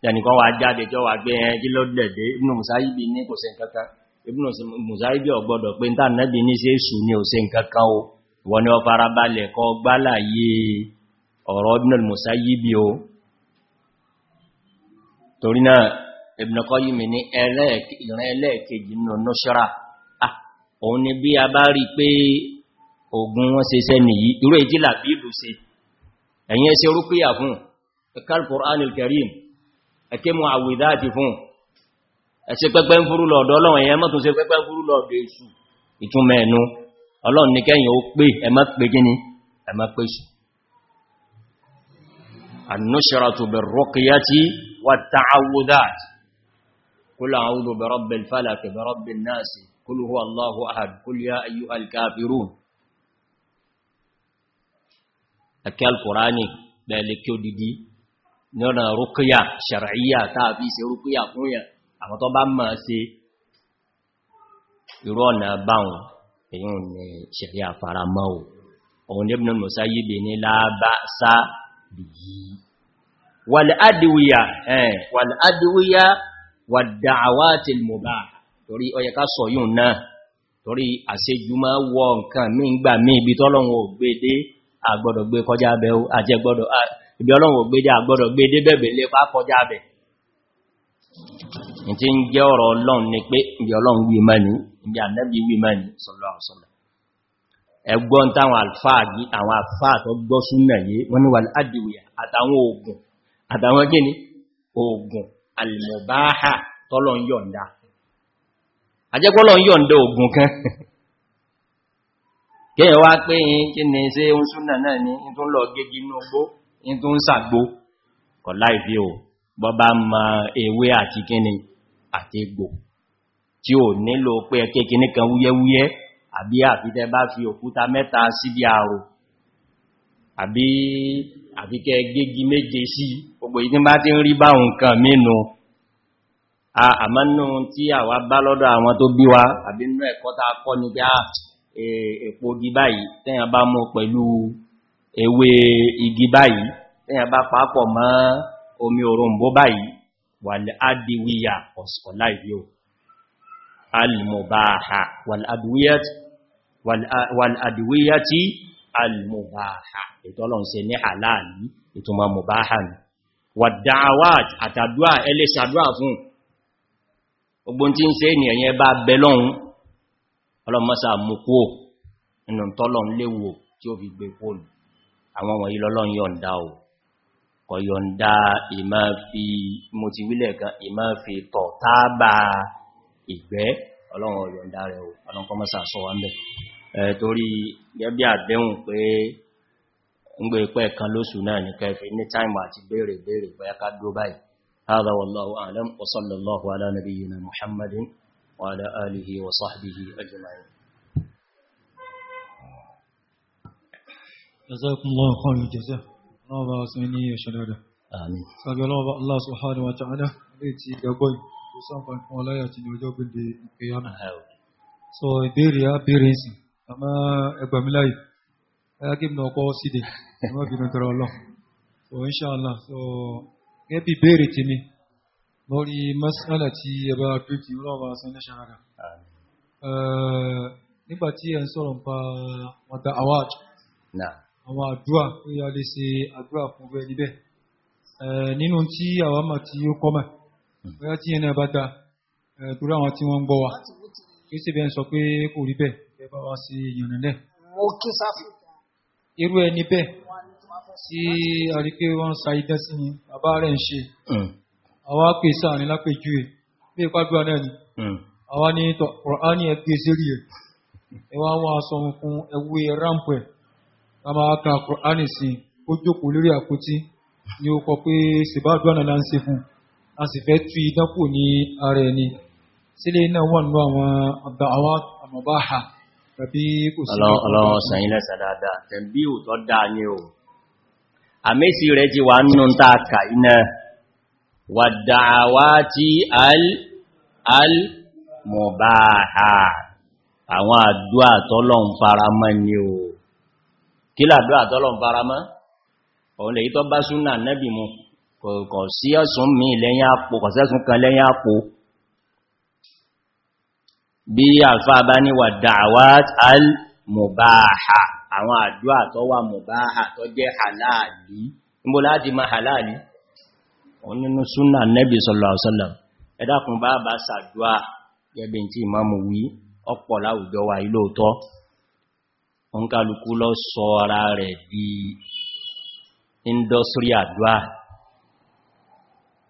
[SPEAKER 2] yani kan wa jáde jo wa gbe en kilo dede ibn musayib ni kò ṣe nǹkankan ibn musayib ó gbọ́dọ̀ nta nabi ni se su ni ó ṣe nǹkankan o wọ́n ní ó farabalẹ̀ gbalaye ọ̀rọ̀ Ibn al-Musayyib o torí náà Ibn Qayyim ní ìran ẹlẹ́ẹ̀kejì nínú nọ́ṣọ́rà ah, òun ni bí a bá rí pé ogun wọn ṣe ṣẹ́ nìyí irú èjì làbíbù ṣe ẹ̀yìn ẹṣẹ́ orúkúyà fún ẹkàl Qur'anil Karim ẹkẹ́ mú àwìdáàtì fún ẹṣẹ́ pẹ́pẹ́ ń fúrú lọ́dọ̀ ọlọ́run ẹ̀yẹn mọ́tún ṣe pẹ́pẹ́
[SPEAKER 3] ń fúrú lọ́dọ̀ èṣù
[SPEAKER 2] ìtúnmẹ́ẹ̀nu ọlọ́run ní kẹ́yìn ó pé ẹmọ́ pé gíní ẹmọ́ pé ṣù النشرة بالرقية والتعوذات قل أعوذ برب الفلك برب الناس قل هو الله أحد قل يا أيها الكافرون أكي القرآن بألك يددي نرى رقية شرعية تابيس رقية قوية أما طبعا ما سي يرون باون يرون شريع فرامو ونبن المسيب لا بأس wàl'adìwìyà wàl'adìwìyà wàdàwàtí mọ̀bá torí ọyẹ ká sọ yùn náà torí àṣejúmọ́ wọ nǹkan mí ń gbà mí ibi tọ́lọ́run ò gbédé àgbọ́dọ̀ gbé kọjá abẹ́ àti ẹgbọ́dọ̀ ibi ọlọ́run ò gbédé àgbọ́dọ̀ gbédé bẹ̀bẹ̀ lé pá kọjá abẹ́ ìtí ń jẹ́ ọ̀rọ̀ ọlọ́run ni pé ibi ọlọ́run wí mẹ́ni ibi ànẹ́bí wí mẹ́ni sọ́lọ́ ẹgbọ́n táwọn alfáàgí àwọn alfáàtọ̀ gbọ́ súnà yé wọ́n ni wà ládìwìyà àtàwọn oògùn àtàwọn gíní oògùn alìmọ̀báhà tọ́lọ ń yọ̀ǹda ajẹ́gbọ́lọ ń kan <laughs> kíyàn wá pé kí ni ṣe ń súnà náà ní tún lọ gẹ́gí inú ogbó ní tún sàgbó kọ̀ láìfí o bọ́bá àbí àfitẹ́ bá fi òkúta mẹ́ta síbi àrò àbí àfikẹ́ gẹ́gí méje sí gbogbo ìdí bá ti ń rí bá nǹkan mínú àmánú tí àwa bá lọ́dọ̀ àwọn tó bí wa àbí nínú ẹ̀kọ́ ta kọ́ ní pé èpo e, igi báyìí tẹ́yàn bá mú pẹ̀lú ewé igi báyìí tẹ́yàn omi òrùnbó báyìí wà ní adìwíyà ọ̀sọ̀láìyóò المباحة والأدوية والأدوية المباحة يتولون سيني حلال يتوما مباحا والدعوات أتدعى إلي سدعى فون ogbon tí ń se ní ẹ̀yẹ bá bẹ lọ́hun ọlọ́mọ́sà mú kúò inú tọ́lọ̀ ń léwò tí ó fi gbé kóòlù àwọn wọ̀nyí lọ́lọ́n yọ̀ǹda ò kọ̀ yọ̀ǹda ìmá fi mo ti kan ìmá fi tọ̀ ìgbẹ́ ọlọ́run ọ̀yọ̀ǹda rẹ̀ o ọlọ́run kọ́ mọ́sà sọ wá mẹ́ torí gẹ́bí àdéhùn pé ń gbé pẹ́ kan lóṣù náà ní kẹfẹ́ ní táìmù àti béèrè béèrè bóyá ká dó báyìí هذا والله أعلم وصلى الله على نبينا محمد وعلى آله وصحبه أجمعين
[SPEAKER 1] جزاكم الله خير الجزاء الله أسمني وشلاله آمين فقال الله سبحانه وتعالى بيتي قبل sàǹfààní fún ọláyà tí ní ọjọ́ gbèdé ìpéyàmù. So ìbéèrè á béèrè sí àmọ́ ẹgbàmíláyì ayágémi náà kọ́ síde ẹ̀mọ́ bínú tọrọ ọlọ́ so inṣàlá so gẹ́gẹ́ bí ìbéèrè tèmi lórí masala tí ẹ bá bíríkì ọlọ́wọ́ asan ní ṣàràdà. Nígbà tí ẹ ń sọ̀rọ̀ nípa wàdà awáàjù àwọn àdúrà ó yà lè ṣe àdúrà fún bẹ́ẹ̀ níbẹ̀ nínú tí àwọn àmà tí ó kọ́ mọ̀. Hmm. bóyá tí yẹn náà bá dáa torí àwọn tí wọ́n gbọ́ wa kí sì bẹ́ẹ̀ sọ pé kò rí bẹ́ẹ̀ ẹ bá wá sí ìyànnilẹ̀. mo kí sáfì. irú ẹni bẹ́ẹ̀ tí a rí pé wọ́n sa idán sí ni bàbá rẹ̀ ń ṣe hmm. àwa pè sáàrin lápèjúwe bí ìpàdúrà náà ni hmm. àwa ní Kùránì ẹgbẹ́ sẹ́rí ẹ̀ ẹ wá wọn aṣọ fún ẹwú rámpù ẹ̀ ká máa ka Kùránì sí i ó jókòó lórí àpótí ni ó kọ pé ṣèbá náà ń ṣe fún un a sì fẹ́ tú idán kù ní ara ẹni sílé náà wà nínú àwọn ọ̀dà àwọn àmọ̀báhà tàbí kò sí ọlọ́run sàn
[SPEAKER 2] al-mọ̀báhà àwọn àdúà tọ́lọ́run faramọ́ ní o kí làdúà tọ́lọ́run faramọ́ òun lè súnà nẹ́bì mu kọ̀ sí ọ̀sùn mi lẹ́yìn àpò kọ̀sẹ́sùn kan lẹ́yìn àpò bí alfa bá al-mubaha àwọn àdúà tó wà mubaha tó jẹ́ halali níbo láti ma halali wọn nínú súnà nẹ́bí sallallahu alaihi wasallam wa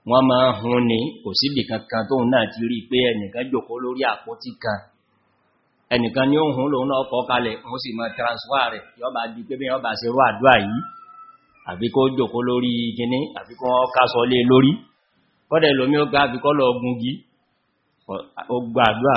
[SPEAKER 2] wọ́n máa hun ni kò síbì kankan tóun náà ti rí pé ẹnìkan jòkó lórí àpótí kan ẹnìkan ni ó hun lòun náà kọ kalẹ̀ wọ́n sì máa transfer rẹ̀ yọba di pé bẹ́yàn bá ṣe rú àdúrà yìí àbí kó jòkó lórí kíní àbí kó kásọ lé e lórí kọ́dẹ̀ lómi ó gá àbíkọ́ lọ gungi ó gba àdúrà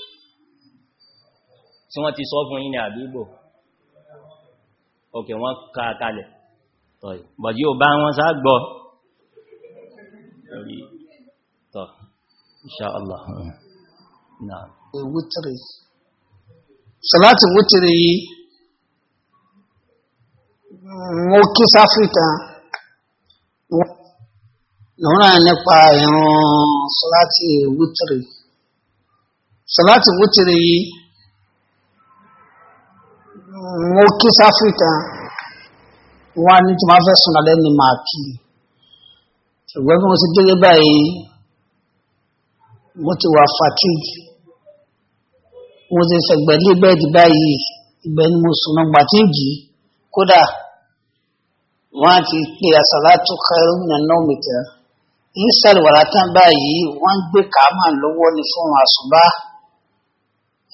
[SPEAKER 2] tí wọ́n ti sọ fún yín ní àbíbò òkè wọ́n ká kalẹ̀ bọ̀dí ò bá wọn sá gbọ́ tọ́ inṣáàlá náà wútìrì
[SPEAKER 1] sọ̀láti mo kí sáfíkà lọ́nà nípa ìrun sọ̀láti wútìrì sọ̀láti wútìrì yìí mo kí sáfì tán wọn á ní tí wọn fẹ́ sùn lálẹ́ ni màá kí ṣùgbọ́n bí mo ti délé báyìí mo ti wà fatigue mo ti sẹ̀gbẹ́ lé bẹ́ẹ̀dì báyìí ìgbẹ́ ni mo sùn lọ́gbà tí ń jì í kódà wọ́n á ti pe àsàlátù kẹrù nànà òmìtẹ́ israel wàrà tán báyìí wọ́n ń gbé kàámà lọ́wọ́ ni fún àṣùbá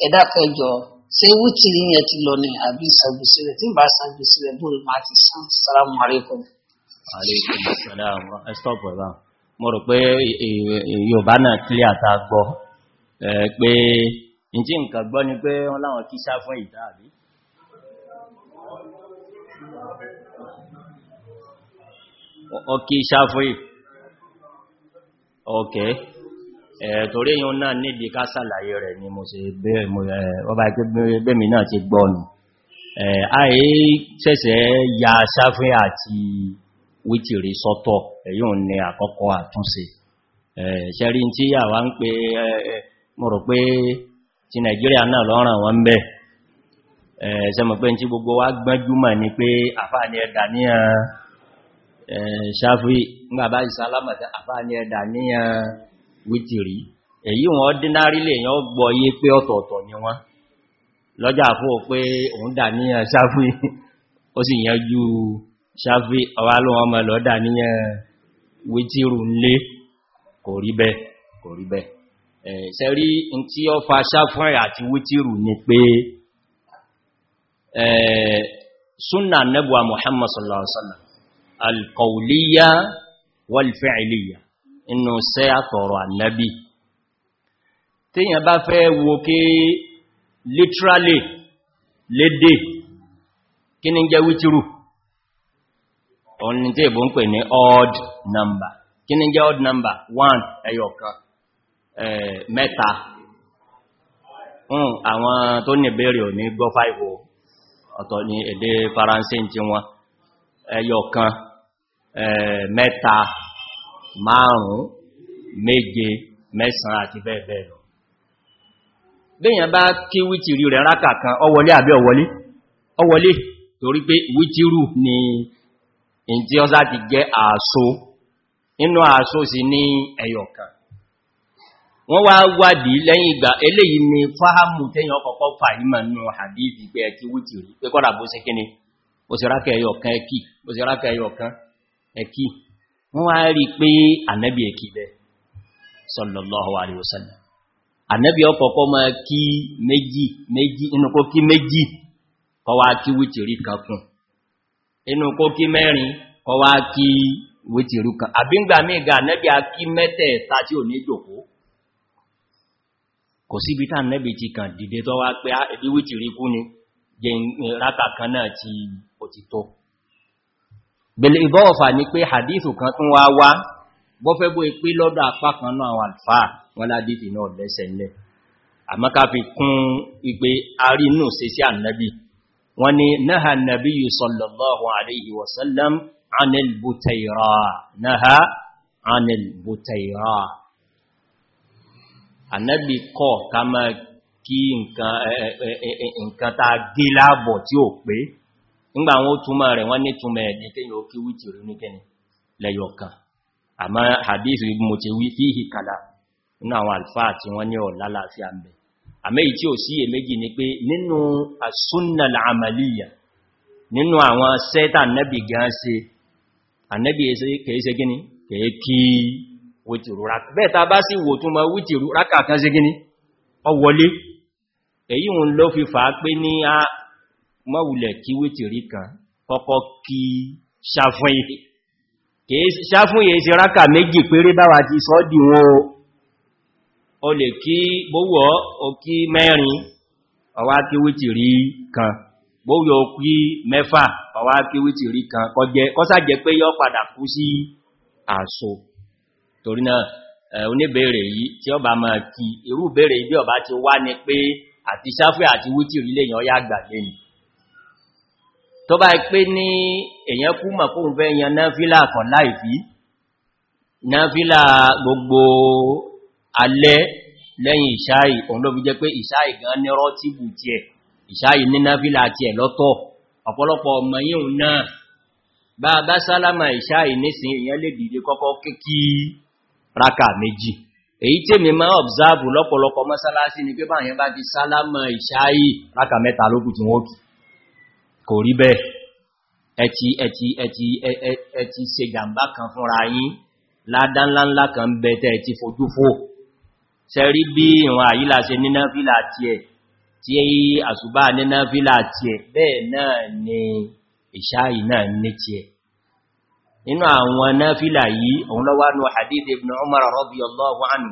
[SPEAKER 1] ẹ̀dá kẹjọ ṣé wítìrì yẹn ti lọ ni àbí san gbèsè rẹ̀ tí n bá san gbèsè rẹ̀ bóyá máa ti san
[SPEAKER 2] salamu aleykum. aleykum salaam ẹ stop ẹ bá mo rò pé yorùbá náà clear ta gbọ́ pé ǹjí nǹkan gbọ́ ni pé wọ́n láwọn kí sá fún ìdá àbí. ọkì sáfù yìí okay. torí yíò náà níbi ká sàlàyé rẹ̀ ni mo ṣe ọba ìgbẹ́mì náà ti gbọ́nù ààyè ṣẹ̀ṣẹ̀ ya sáfẹ́ àti wítìrí sọ́tọ̀ èyíò ní àkọ́kọ́ àtúnṣe ṣẹ́rí tí àwa ń pè mo rò pé ti Nàìjíríà náà lọ́ràn wọn bẹ́ ṣẹ́mọ̀ pé tí gbogbo wa gbẹ́júmọ̀ ni pé àfáà ni ẹ̀dà ní ṣáfí ngbàbá ìsálámà àfáà ni ẹ̀dà níyàn wítìrí èyí wọn dínárì lè yán gbọ́ yé pé ọ̀tọ̀ọ̀tọ̀ ni wọ́n lọ́jà fún ò pé òun dà níyàn ṣáfí ó sì yanjú ṣáfí ọwá ló wọn mọ̀ lọ́dà níyàn wítìrù nlé kò rí bẹ́ kò rí bẹ́ ṣẹ́rí ni pé súnà nẹ́bùwà sallallahu alaihi inú sẹ́ àtọ̀rọ̀ ànábì tíyàn bá fẹ́ wo kí literally lédè kí ní jẹ́ wítírù ọ̀nà tí ìbò ń pè ní odd number kí ní jẹ́ odd number 1 ẹyọ̀kan mẹ́ta hmm, àwọn tó ní bèèrè ò ní gbọ́ 5 ọ̀tọ̀ ní èdè faransé tí wọ́n ẹyọ̀kan mẹ́ta márùn-ún méje mẹ́sàn àti bẹ́ẹ̀bẹ́ẹ̀ lọ bẹ́yàn bá kí wítìrí rẹ̀ rákà kan ọwọlé àbí ọwọlé ọwọlé torí pé ni in tí ọ́sá ti jẹ́ àṣó inú àṣó sí ní ẹyọ̀kan wọ́n wá wádìí lẹ́yìn ìgbà eléyìí ni fáhámù tẹ́yàn ọkọ̀kọ́ fàímà nù àdíjì pé wítìrí pé kọ́dà bó wọ́n wá rí pé ànábì èkì bẹ́ sallallahu alaihi wasallam ànábì ma kí méjì méjì inú kó kí méjì kó kí wítìrí kan inú kó kí mẹ́rin kó kí wítìrí kan àbíngbà míga ànábì a kí mẹ́tẹ̀ẹ̀ta tí ò ní kò ti kàn ah, ni bẹ̀lẹ̀ ìbọ́ọ̀fà ní pé hadithu kan tún wá wá bọ́fẹ́ bó ipé lọ́dọ̀ apá kan náà àwọn alfa wọn ládìtì náà lẹ́sẹ̀ ilẹ̀ àmọ́ká fi kún ipé arínú sí sí annabi wọ́n ni náà annabi yìí sallallahu alaihi wasallam anil butaira ńgbà àwọn túnmọ̀ rẹ̀ wọ́n ní túnmọ̀ ẹ̀ ní kéyàn ókè wítìrí ní kẹ́ni lẹ́yọ̀kan àmá hadith mo ti wí fíhì kàlà nínú àwọn alfáà tí wọ́n ní ọ̀lá láàfíà mẹ́ àmẹ́ tí ò sí èméjì ni pé nínú asúnnà àmàlìyà mọ́wulẹ̀ kí wítìrí kan kọ́kọ́ kí ṣàfún yìí ṣàfún yìí sí rákà méjì péré báwa ti sọ́ dì wọn o lè kí bówọ́ o kí mẹ́rin ọwá kí wítìrí kan bówọ́ o kí mẹ́fà ọwá kí wítìrí kan kọ́sàjẹ́ pé yọ padà kú sí àṣò torí náà yìí tí ọba máa kí irú bẹ̀ẹ̀rẹ̀ ibi ọba ti wá ni pé àti sáfẹ́ àti wítìrí lèyàn yá gbà lẹ́yìn tó bá pé ní èyàn kú mọ̀ kó ń fẹ́ yan náfílà kan láìfí náfílà gbogbo alẹ́ lẹ́yìn ìṣáì òun ló fi jẹ́ pé ìṣáì gan ní rọ́tíbù tí ẹ̀ ìṣáì ní náfílà tí ẹ̀ lọ́tọ̀ ọ̀pọ̀lọpọ̀ ọmọ yíò náà bá bá sálámà ìṣáì ni pé báyẹn di sálámà ìṣáì rákà mẹ́ta lókù tí kò rí bẹ́ẹ̀ ẹti ẹti ẹti ẹti ṣe gàmbá kan fúnra yín ládánláńlá kan bẹ̀tẹ̀ ti fojú fò ṣẹ́rí bí ìwọ̀n àyílà ṣe níná fílà tí ẹ̀ tí àṣùbá níná fílà tí ẹ̀ bẹ́ẹ̀ náà ni ìṣáyì náà ní tí ẹ̀ nínú àwọn náfílà yìí òun lọ́wọ́ ní hadith ibn umar radiyallahu anhu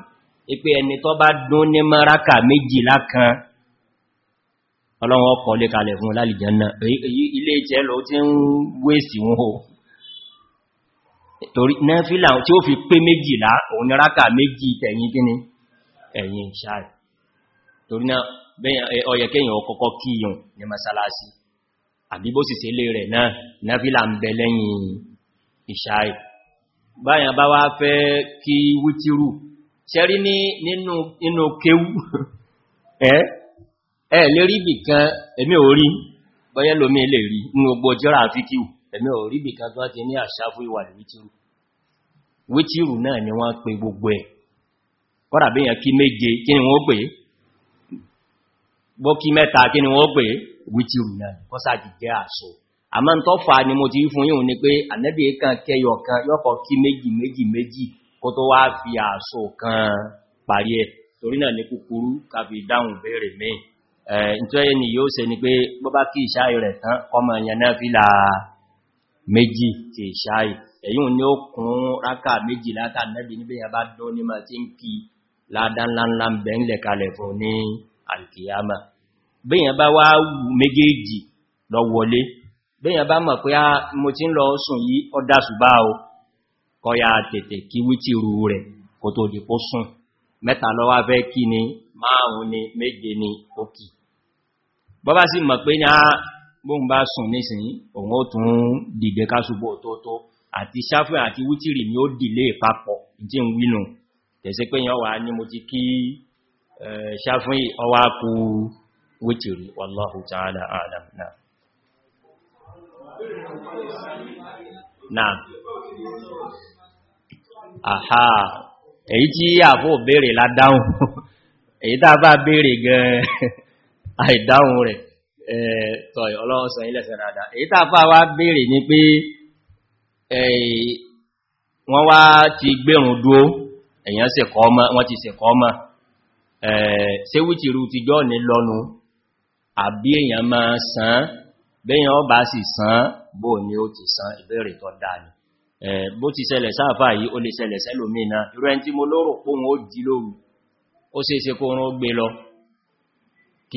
[SPEAKER 2] ipe ẹni tó bá dún ní maraka méjìlá kan ọlọ́run ọkọ̀ lè kalẹ̀ fún lálìjánná ilé ìtẹ́ lọ tí ń wéèsì wọn o torí náfílà tí ó fi pé méjìlá òun rákà méjì tẹ̀yìn kíní ẹ̀yìn ìṣàrẹ̀ torí náà ọyẹ ọkọ̀kọ́ kíyàn ní masalasi àbí bó sì ṣe lé rẹ̀ náà náfílà ń bẹ lẹ́yìn ìṣàrẹ̀ báyàn bá wá fẹ́ kí wítírù ṣẹ́rí <laughs> ẹ lè rí bì kan èmi ò rí bọ́yẹ́ lómi lè rí ní ogbò jọ́rà àfikí èmi ò rí bì kan tó ti ní àṣáfú ìwà ìwítírù wítírù náà ni wọ́n pe gbogbo ẹ̀ kọ́dà bí yàn kí méje kí ni wọ́n pè bó kí mẹ́ta kí ni wọ́n pè wítírù náà kọ́sà ti jẹ́ àṣọ àmọ́ ń tọ́fà ni mo ti fún yín ni pé ànẹ́bì kan kẹyọ kan torí náà ní kúkúrú ká dáhùn béèrè mìí ìtọ́yẹ eh, ni yóò ṣe ni pé bọ́bá kí ìṣáyì rẹ̀ tán kọmọ ìyànà fílà méjì kí ìṣáyì ẹ̀yìn ni ó kún rákà méjì látà nẹ́bì níbi yà bá dún ní ma ti ń kí ládánláńlá bẹ̀ẹ́lẹ̀ kalẹ̀ fún ní alkiyama bẹ́yàn bá wá méjèèjì lọ wọlé bẹ́yàn bá mọ̀ pé ah, mo ti ń kò tó dìpó sùn mẹ́ta lọ fẹ́ kí ni márùn-ún ni méje ni ó bọ́bá sì mọ̀ pé ní a ah, bóhun bá sùn nísìnyí òun ó tún dìde kásùgbò tótó àti sáfẹ́ àti wítìrì ni ó dìlé papọ̀ tí ń wínú tẹ̀sẹ́ pé yàn wà ní mo ti kí sáfẹ́ ọwá kú wítìrì wallahu ta'ala a'lam náà náà àhá èyí <laughs> <laughs> àìdáhùn rẹ̀ tọ̀ ọlọ́ọ̀sọ̀ ilẹ̀ sẹ̀ràdà èyí tàbá wá béèrè ní pé wọ́n wá ti gbẹ̀rùn dúó èyàn sẹ̀kọ́ ọmọ wọ́n ti sẹ̀kọ́ ọmọ ṣe wítìrú ti jọ́ ní lọ́nu àbí èyàn máa san bẹ́yàn ọ bá sì san bó ní ó ti san ìbéèrè tó dáni bó ti ṣẹlẹ̀ sáàfà yìí ó lè ṣẹlẹ̀ sẹ́lòmínà irú ẹni tí mo lórò póhun ó jí lóru ó ṣeéṣe kó rán ó gbé lọ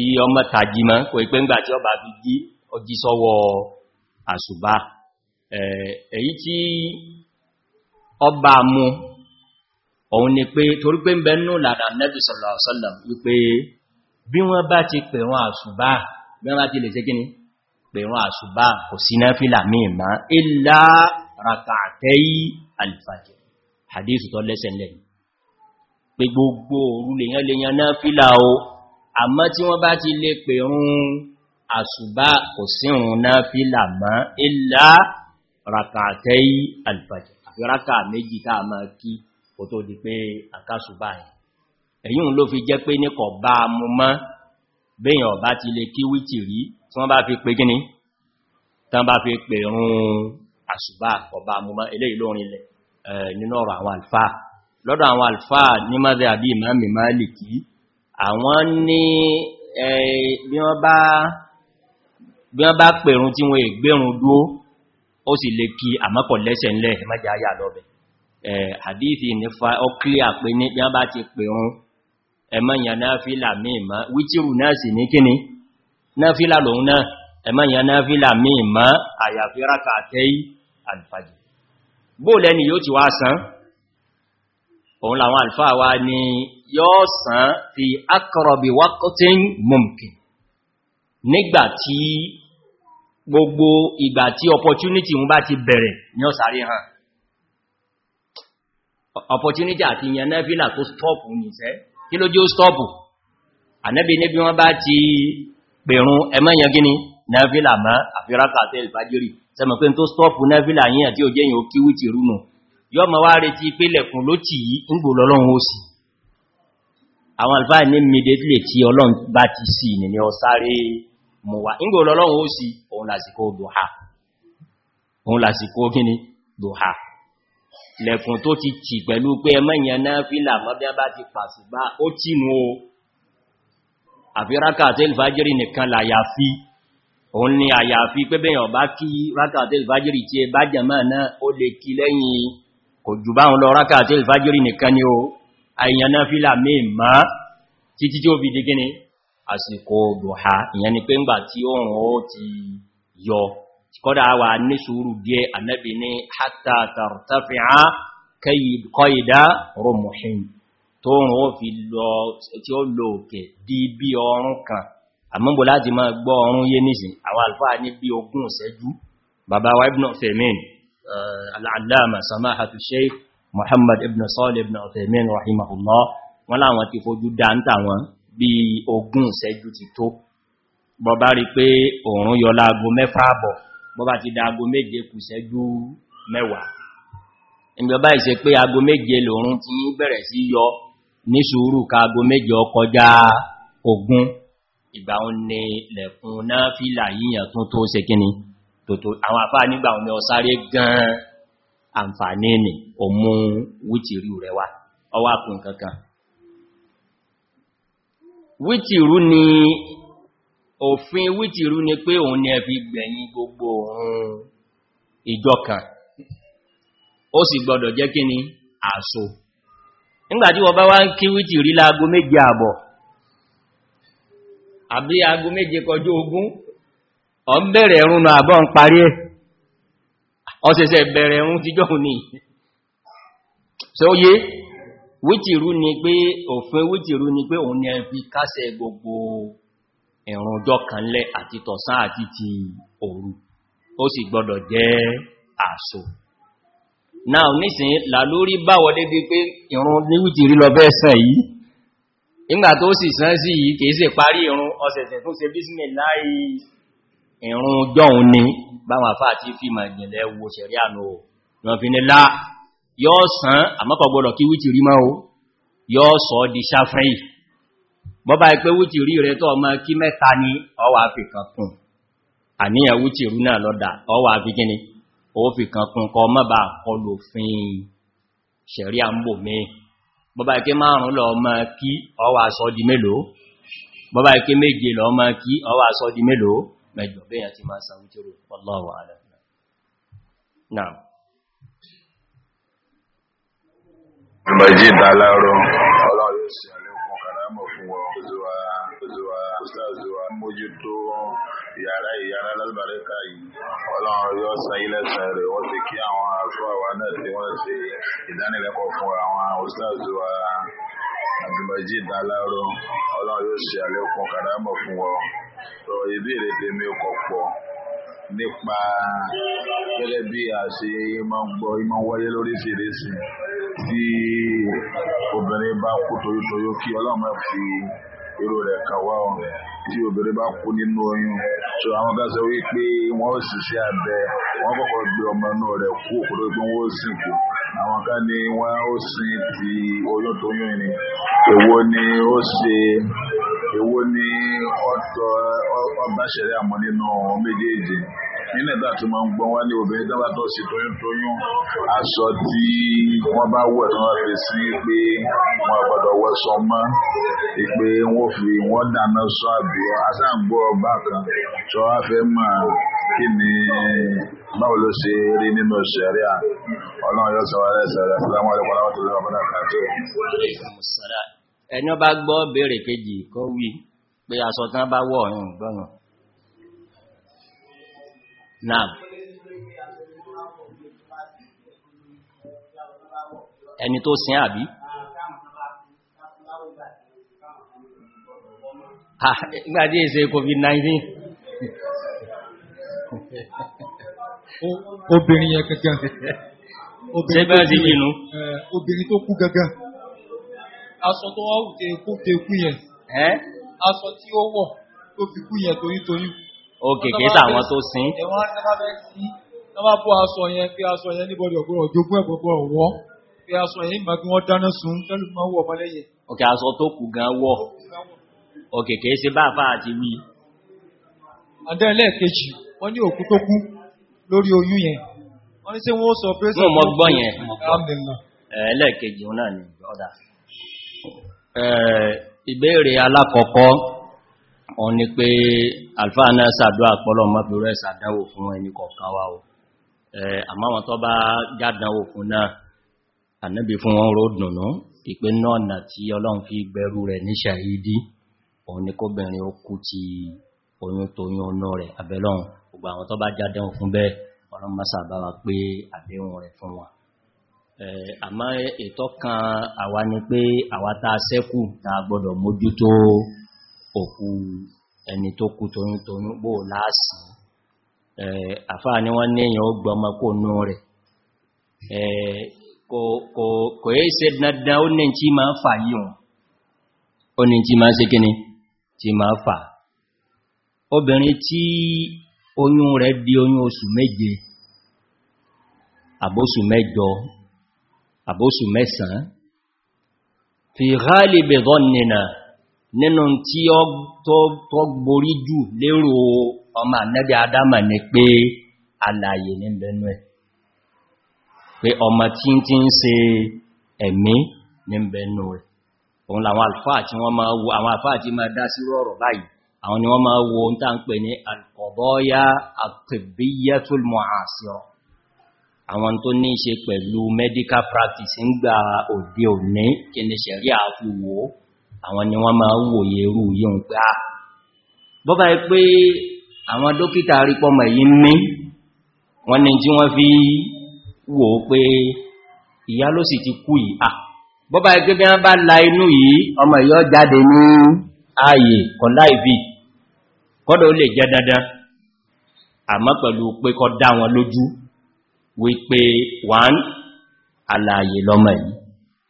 [SPEAKER 2] kí ọmọ tàjí mọ́ kò ipé ńgbà tí ọba bí jí ọjí sọ́wọ́ àṣùbá èyí tí ọba mú òun ni pé torí pé ń bẹ nú lànà nẹ́bì sallallahu alaihi wasallam wípé bí wọ́n bá ti pẹ̀rún àṣùbá bí wọ́n bá ti lè ṣe kíní pẹ̀rún àṣùbá kò sí náfílà míì mọ́ àmọ́ tí wọ́n bá ti lè pè rún àṣùbá kò sírun náà fi làmọ́ ilá rakàtẹ́yí alfàjì àfi rákà méjì káà máa kí kò tó di pé àkásùbá yìí ẹ̀yìn ló fi jẹ́ pé ní kọ̀ bá mú mọ́ béèyàn bá ti lè kí wítìrí tí wọ́n bá fi pè gíní tán bá fi pè rún àṣùbá kọ̀ mú mọ́ eléyìí lórin eh, nínú ọ̀rọ̀ àwọn alfáà lọ́dọ̀ àwọn alfáà ní mọ́dẹ̀ àwọn ní bí wọ́n bá pèrún tí wọ́n ègbèrún dúó ó sì lè kí àmọ́kọ̀ lẹ́sẹ̀ ńlẹ̀ mẹ́jà yà lọ́bẹ̀ hadithi ní fa ọkílẹ̀ àpé ní bí wọ́n bá ti pèrún ẹmọ́yàn náfílà mímọ́ wítírù náà sì ní kíni náfílà lòun náà ẹmọ́yàn náfílà mímọ́ àyàfi rákàtẹ́yí alfajì yóò sàn fi akọrọ̀bì wákọ́tí mọ̀mkì nígbàtí gbogbo ìgbà tí opportunity ń bá ti bẹ̀rẹ̀ ní ọ̀sàrí hàn opportunity àti yanẹ́fílà tó stọ́pù nìṣẹ́ kí ló jí ó stọ́pù ànẹ́bí ní bí wọ́n bá ti pèrún ẹmọ́yàn gíní nẹ́fílà mọ́ àfírákàtẹ́ ìfàjírí sẹ́mọ̀ pé tó stọ́pù nẹ́fílà yíyàn tí ó jẹ́yìn ó kíwìtì rúnù yọ́ mọ̀ wá àwọn alfáà ní immediately tí ọlọ́run bá ti sí ni ní ọ̀sáré mọ̀wà ingò lọ́lọ́run ó sí òun lásìkò dùhà òun lásìkò gíní dùhà lẹ̀kùn tó ti tì pẹ̀lú pé ẹmọ́yàn náà fílà mọ́bíá bá ti pàṣìbá ó tìnú o àfi rákàtẹ́lì fàájírì nìkan làyàfi òun ni àyàfi pé bẹ́yàn bá kí rákàtẹ́lì fàájírì tí ẹ àìyànná fílà mẹ́mà títí tí ó fi dígíní àsìkò dùhà ìyẹn ni pé ń gbà tí oòrùn ó ti yọ kọ́dá wà ní sùúrù díẹ̀ annabi ní hatta tartafi'a qaida rumuhin tó rùn ó fi lọ tí ó lò òkè di bí ọrùn kan àmọ́bò láti Muhammad ibn Salih ibn Uthaymin rahimahullah wọ́n láwọn ti fojú dáńtà wọn bí ogún ṣẹ́jú ti tó bọ́bá rí pé òun yọ láago mẹ́fà àbọ̀ bọ́bá ti da aago méje kù ṣẹ́jú mẹ́wàá ìgbọ́bá ìṣe pé aago méje lòrun ti ń bẹ̀rẹ̀ sí yọ ní sùúrù ka aago méje ọkọjá ogún ìgbà òun ni lẹ̀kùn náà fílà yíyàn tó tó ṣe kíni tòtò àwọn àfáà nígbà òun ni ọ̀sáré gan-an àǹfàní nì òmú wítìrú rẹ wá ọwá kùn kankan wítìrú ni òfin wítìrú ni pé òun ni ẹ̀fí gbẹ̀yìn gbogbo ohun ìjọ o ó sì gbọdọ̀ jẹ́ kí ni àṣò nígbàtí wọ́n bá wá ń kí wítìrí láago méje àbọ̀ àbí aago méje kọjú ogún ọ bẹ̀rẹ̀ ẹ̀rùn náà parí ọ̀sẹ̀sẹ̀ bẹ̀rẹ̀ ń jíjọ́ ní ṣóyé wítìrú ni pé òfin wítìrú ni pé òun ni ẹbí kásẹ̀ gbogbo ẹ̀rùn ọjọ́ kanlẹ̀ àti tọ̀sán àti ti òru ó sì gbọdọ̀ jẹ́ àṣò náà nísìn lálórí báwọ̀ débi pé ìrun ní wítìrí lọ bẹ́ẹ̀ sàn yìí nígbà tó sì sàn sí yìí kìí sì parí ìrun ọ̀sẹ̀sẹ̀ tó ṣe bísmìláì ìrún jọun ni báwọn àfáà tí fi ma ìjìnlẹ̀ wo ṣẹ̀rí ànú o wọ́n fi ní lá yóò sán àmọ́kọ̀ gbọ́dọ̀ kí wítìrí máa o yóò sọ di ṣáfẹ́ì bọ́bá ipé wítìrí rẹ̀ tó ọmọ kí mẹ́ta ní ọwà fi kan kún àníyàn wítìrí náà lọ́dà ọwà fi gíní ó fi kan kún kọ mọ́bà kọlù òfin ṣẹ̀rí àmbò mi bọ́bá ipé márùn lọ ọmọ kí ọwà sọ di mélòó bọ́bá ipé méje lọ ọmọ kí ọwà sọ di mélòó mẹ́jọ bẹ́yàn ti máa sàn wítírù wallahu a'lam
[SPEAKER 3] náà Majid Alaro, ọlọ́run yóò ṣe àlékún kàrámọ̀ fún wọn, òzúwa, òzúwa, òzúwa, mójútó yàrá ìyàrá lálùbáríkà yìí, ọlọ́run yóò san ilẹ̀ sàn rẹ̀, wọ́n ti kí àwọn Abdulmajid Aláró ọlọ́run yóò ṣe àlékún kàrámọ̀ fún ọ sọ ìbéèrè tèmi kò pọ̀ nípa gẹ́gẹ́ bí a ṣe máa ń gbọ́ ìmọ̀ wáyé lóríṣiríṣi tí obìnrin bá kú toyótoyó kí ọlọ́run fi irú rẹ̀ kàn wá ọ̀rẹ́ tí obìnrin bá kú nínú oyún so àwọn kan sọ wípé wọn ò ṣiṣẹ́ abẹ wọn kọ́kọ́ gbé ọmọ inú rẹ̀ kú òkúrò pé wọn ò sìnkú àwọn kan ní wọn ó sin ti oyún tó yún ni èwo ni ó ṣe èwo ni ọtọ ọba ṣẹlẹ̀ nínú méjèèjì nínú ẹ̀dá tó máa ń gbọ́n wá ní obìnrin tó bá tó ṣe toyúntoyún aṣọ tí wọ́n bá wọ̀ tí wọ́n fi sí pé wọ́n gbọ́dọ̀ wọṣọ mọ́ pé wọ́n fi wọ́n dáná sọ àbí aṣáàgbọ́ ọba kan tó wá fẹ́ mọ̀ kí ni báwo ló ṣe rí nínú ṣẹ̀rí à ọlọ́run yóò sọ wá lẹ́sẹ̀ rẹ̀ fúlẹ́ wọn lẹ́kọ̀ọ́ láwọn tó lè rọ̀bọ̀dà kàtó.
[SPEAKER 2] ẹni ọba gbọ́ béèrè kejì kó wí pé aṣọ tán bá wọ̀ ọ̀hún gbọ́nà. Naam. Ẹni tó sin àbí? Ha, ìgbàdí èsè COVID-19. <laughs> Obìnrin yẹn
[SPEAKER 1] gẹ́gẹ́. Ṣé bẹ́ẹ̀ sí inú? Obìnrin tó kú gẹ́gẹ́. Aṣọ tó wọ́n wù tẹ kú yẹn. Aṣọ tí ó wọ̀ tó fi kú yẹn
[SPEAKER 2] toyúntoyún òkè kìí sàwọn tó sin.
[SPEAKER 1] ẹ̀wọ̀n á ní sábà bẹ́ẹ̀ sí sábà bọ́ aṣọ yẹn pé aṣọ yẹn níbọ̀dì ọ̀gbọ́n ọ̀jọ̀gbọ́n ẹ̀gbọ́n ọ̀wọ́ pé aṣọ yẹn ìgbà kí wọ́n
[SPEAKER 2] òkè aṣọ tó kù gan wọ̀ òkè kìí ṣe bá àfa àti wí.
[SPEAKER 1] àdán ẹlẹ́ẹ̀kejì wọ́n ní òkú tó kú lórí oyún yẹn
[SPEAKER 2] wọ́n ní ṣé wọ́n sọ pé. mo mọ gbọ́ yẹn ẹlẹ́ẹ̀kejì òun náà ni ọ̀dà ìbéèrè alákọ̀ọ́kọ́ òun ni pé alfáà náà sàdúwà pọ́lọ̀ mọ́bìnrin sàdánwò fún ẹni kọ̀ọ̀kan wa o àmáwọn tó bá jádánwò fún náà ànábì fún wọn ró dùnnú ìpé náà tí ọlọ́run fi gbẹ̀rú rẹ̀ ní ṣàhídí òun ni kóbìnrin ó kú ti oyún tóyún ọ̀nà rẹ̀ abẹ́lọ́run gbogbo àwọn tó bá jádánwò fún bẹ́ẹ̀ ọlọ́run má sàbá wa pé àdéhùn rẹ̀ fún wọn àmọ́ ètò kan àwa ni pé àwa ta sẹ́kù ta gbọ́dọ̀ mójútó òkú ẹni tó kú toyúntoyún bó láàsì àfá ni wọ́n ní èyàn ó gbọmọ kó nú rẹ̀ kò yé ṣe dandan ó ní tí ma ń fà yíò ó ní tí ma ń ṣe kíni tí ma ń fà obìnrin tí oyún rẹ̀ di oyún oṣù méje àbóṣù mẹ́jọ àbóṣù mẹ́sàn-án fi ghalibi dhannina nínú tí ó tó gborí jù lérò ọmọ ànẹ́bí adama ni pé alàyè ní bẹnu ẹ̀ pé ọmọ tí tí ń ṣe ẹ̀mí ní bẹnu rẹ̀ òun làwọn alfáà tí wọ́n máa wo àwọn alfáà tí máa dá sí rọ̀rọ̀ báyìí àwọn ni wọ́n máa wo ń tàà pè ní alkọ̀bọ́yá àtìbíyẹ́tul medical practice ń gba òde òní kí àwọn ni wọ́n máa ń wòye irú yíò ń pé ah! bọ́bá ẹ pé àwọn dókítà arípọ́mọ̀ èyí ń ní wọ́n ni tí wọ́n fi wò ó pé ìyá ló sì ti kú yìí à ah! bọ́bá ẹ pé bí wọ́n bá la inú yìí ọmọ ìyọ́ jáde ní ààyè kọ̀lá ìbí kọ́dọ̀ ó lè jẹ́ dandan àmọ́ pẹ̀lú pé kọ́ dá wọn lójú wípé 1 alààyè lọ́mọ yìí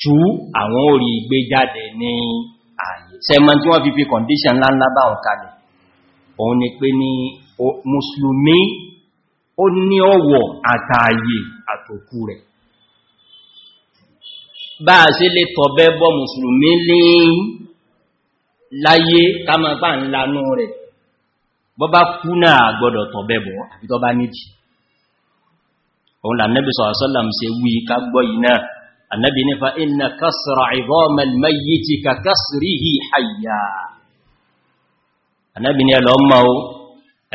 [SPEAKER 2] 2 àwọn orí gbé jáde ní sẹ́mọ̀ tí wọ́n fi fi kọ̀ndíṣàn ńláńlá bá wọn kalẹ̀ òun ni pé ní mùsùlùmí ó ní ọ̀wọ̀ àtààyè àtòkú rẹ̀ bá a sí lè tọ̀bẹ́ bọ́ mùsùlùmí lé láyé káàmà bá ń lanú rẹ̀ bọ́ bá kú náà gbọ́dọ̀ tọ̀bẹ́ bọ́ àbítọ́ bá níjì òun là nẹ́bí sọ̀rọ̀sọ́làm se wí ká gbọ́ yìí náà annabi ní fa inna kasra idhama al-mayyiti ka kasrihi hayya annabi ní ẹlọ mọ́ o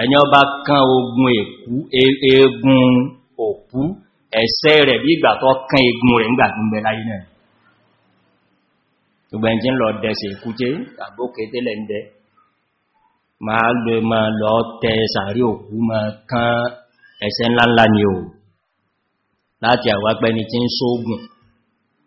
[SPEAKER 2] ẹni ọba kan ogun èkú eegun òkú ẹ̀ṣẹ̀ rẹ̀ bí ìgbà tó kan eegun rẹ̀ nígbà gúnbẹ̀ láyé náà gbogbo ẹni tí ń lọ dẹ̀sẹ̀ ìkúté àgbókẹ́tẹ́lẹ̀ ń dẹ ma gbé ma lọ tẹ sàárì òkú ma kán ẹ̀ṣẹ̀ ńláńlá ni o láti àwápẹ́ni tí ń sóògùn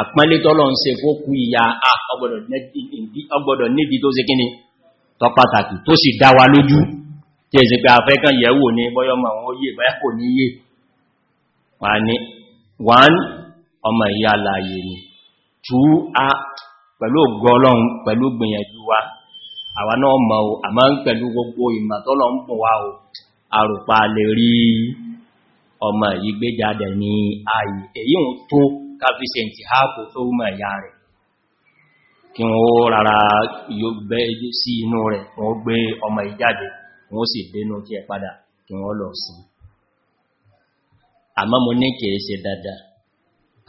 [SPEAKER 2] àpọ́nlé tọ́lọ̀ ń ṣe fó kú ìyá ọgbọ̀dọ̀ níbi tó ṣe kí ni tọ pàtàkì tó sì dá wa lójú tí èsì pé afẹ́kàn yẹ̀wò ní bọ́yọ́mọ̀ wọn yé báyá kò ní yé wà ní 1 ọmọ ìyá láàyè ni 2 a pẹ̀lú ògọ́lọ́run pẹ̀lú gbìyànjú wa àwa náà mọ̀ o àmá ń pẹ̀lú gbogbo ìmọ̀tọ́lọ̀ ń pọ̀ wá o àrùpa lè káfíṣẹ̀ntì hápò tó mọ̀ ìyá rẹ̀ kí wọ́n rárá yóò bẹ́ sí inú rẹ̀ wọ́n gbé ọmọ ìjáde wọ́n sì dénú kí ẹ padà kí wọ́n lọ sí àmọ́ mo ní kìí ṣe dáadáa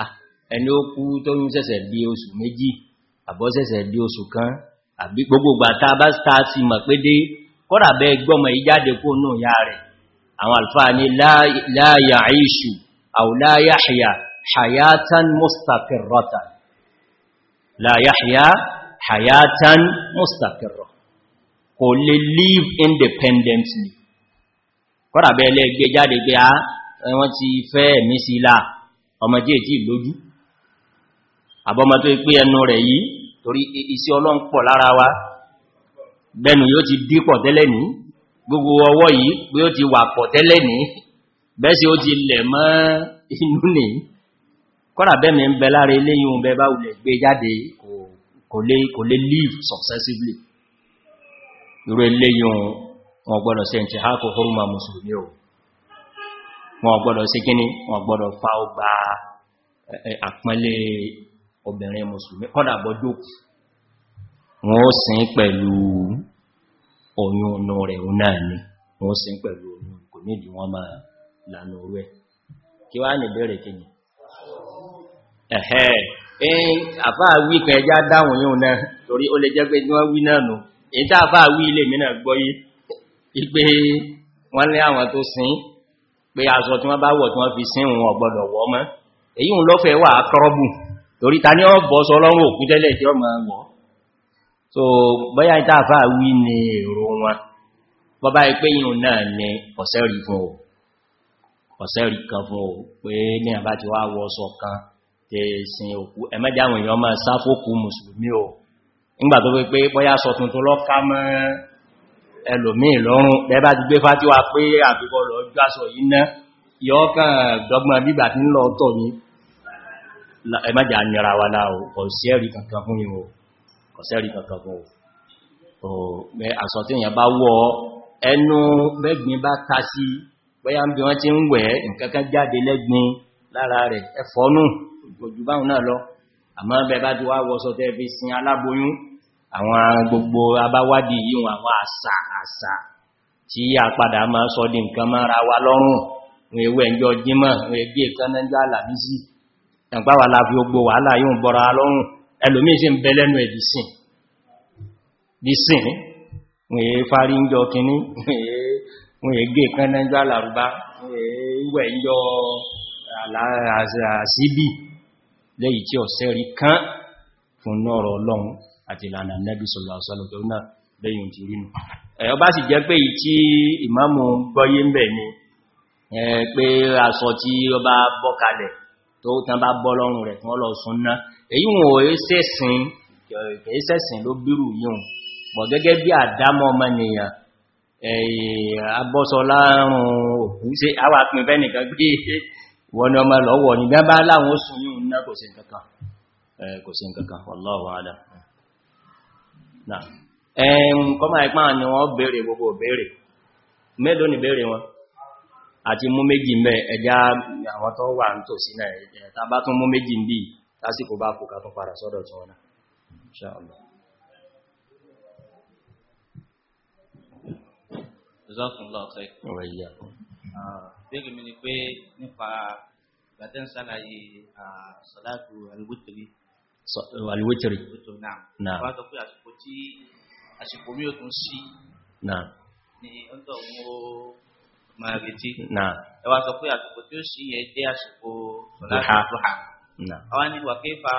[SPEAKER 2] ah, ẹni ó kú tó ń ṣẹ̀ṣẹ̀ bí oṣù méjì àbọ́ ṣẹ̀ṣẹ̀ bí oṣù kan àbí gbogbogbà tá bá ta hayatan mustaqirratan la yahya hayatan mustaqirra kò lè live independently kọ́nà bẹ́ẹ̀ lẹ́ gbé jáde pé a ah, wọ́n ti fẹ́ ẹ̀mí sí ilá ọmọdé ètí ìlójú àbọ́mọ tó pé ẹnu rẹ̀ yìí torí iṣẹ́ Ọlọ́run pọ̀ lára wa bẹ́nu yóò ti dí pọ̀ tẹ́lẹ̀ ní gbogbo ọwọ́ yìí pé ti wà pọ̀ tẹ́lẹ̀ ní bẹ́ẹ̀ sí ó ti lẹ̀ mọ́ inú nìí kọ́nà bẹ́mi ń bẹ lára ilé yíò bẹ bá wulẹ̀ gbé jáde kò lè live successively irú ilé yíò wọn gbọ́dọ̀ ṣe ǹtí ha kò hórùmà mùsùlùmí o wọn gbọ́dọ̀ ṣe kíní wọn gbọ́dọ̀ fa ọgbà àpẹẹlẹ obìnrin mùsùlùmí kọ́nà bọ́jú wọn ó sin pẹ̀lú oyún ọ̀nà rẹ̀ náà ni ní ìdí kí ní ẹ̀hẹ́ àfáà wí kan ẹjá dáhùn yóò náà torí ó lè jẹ́ pé wọ́n wí náà nù èyí tá àfáà wí ilé mìíràn gbọ́ yí ipé wọ́n lé àwọn tó sin pé aṣọ tí wọ́n bá wọ̀ tí wọ́n fi sin wọn ọ̀gbọ́dọ̀ wọ́ mọ́ èyí ń wà kọ́rọ́bù torí ta ní ọ bọ́ sọ lọ́rùn òkú tẹ́lẹ̀ tí so bọ́yá ìta wọn bọ́bá yìí náà ni kan fún pé ní àbá ti wá kan tẹ̀ẹ̀sìn òkú ẹmẹ́jà àwọn èèyàn máa sáfókú mùsùlùmí o nígbà tó pé bóyá sọ tuntun lọ́ká mọ́ ẹlòmí lọ́rùn bẹ́bá ti gbé fátíwà pé àbíkọ́ lọ jásọ yìí ná yọ́kàn dọ́gbọ́n bígbà tí ń lọ tọ̀ ní ẹmẹ́jà nira wa láò kọ̀sẹ́rì kankan fún ìwò kọ̀sẹ́rì kankan fún ò àsọ tí èèyàn bá wọ ẹnu bẹ́gbin bá ta sí bóyá ń bí wọ́n ti ń wẹ̀ nǹkankan jáde lẹ́gbin lára rẹ̀ ẹfọ́nù gbogbo báhùn náà lọ àmọ́ bẹ bá ti wá wọ́sọ tẹ́ fi sin aláboyún àwọn gbogbo abáwádìí yíò àwọn àṣà àṣà tí a padà máa sọ di nǹkan máa ra wa lọ́rùn wọn ewé ẹjọ́ jímọ̀ wọn ẹgbẹ́ ìkanẹ́jọ́ alàmísì ẹ̀páwà láfi ogbò wàhálà yóò bọ́ra lọ́rùn ẹlòmí sí ń bẹ lẹ́nu ẹ̀dìsìn dísìn wọn èé fárí ń jọ kìíní wọn èé gé ìkanẹ́jọ́ alàrúbá wọn èé lẹ́yìn tí ọ̀sẹ́ rí kán fún nọ́rọ̀ ọlọ́run àti ìlànà nẹ́bí sọ̀lọ̀sọ̀lọ̀ èyí wọn ò ṣẹ̀sìn ìṣẹ̀sìn ló bírù yíò bọ̀ gẹ́gẹ́ bí àdámọ́ ọmọnìyàn ẹ̀yìn abọ́sọ láàrùn òkú sí àwà pínfẹ́ nìkan gbé wọ́n ni ọmọ lọ́wọ́ ní gbá bá láwọn oṣù yìí ná kò sí nǹkankan kò sí nǹkankan wallahu alam náà ẹ̀m kọmọ̀ ìpá ni wọ́n bèèrè gbogbo bèèrè mélòó ni bèèrè wọn àti mú méjì mẹ́ àwọn tó wà ń tò náà ìbéèrè mi ni pé nípa gbàtẹ́ ń ṣàlàyé sọ̀dáàtù àlùwítìrì. àlùwítìrì. náà wọ́n á sọ pé àsìkò tí àsìkò mi ò tún sí. náà. ni ó ń tọ̀ mú máa retí. náà. ẹ wá sọ pé àsìkò tí ó sì yẹn jẹ́ àsìkò sọ̀dáàtù
[SPEAKER 3] duha.
[SPEAKER 2] ni wà kí fa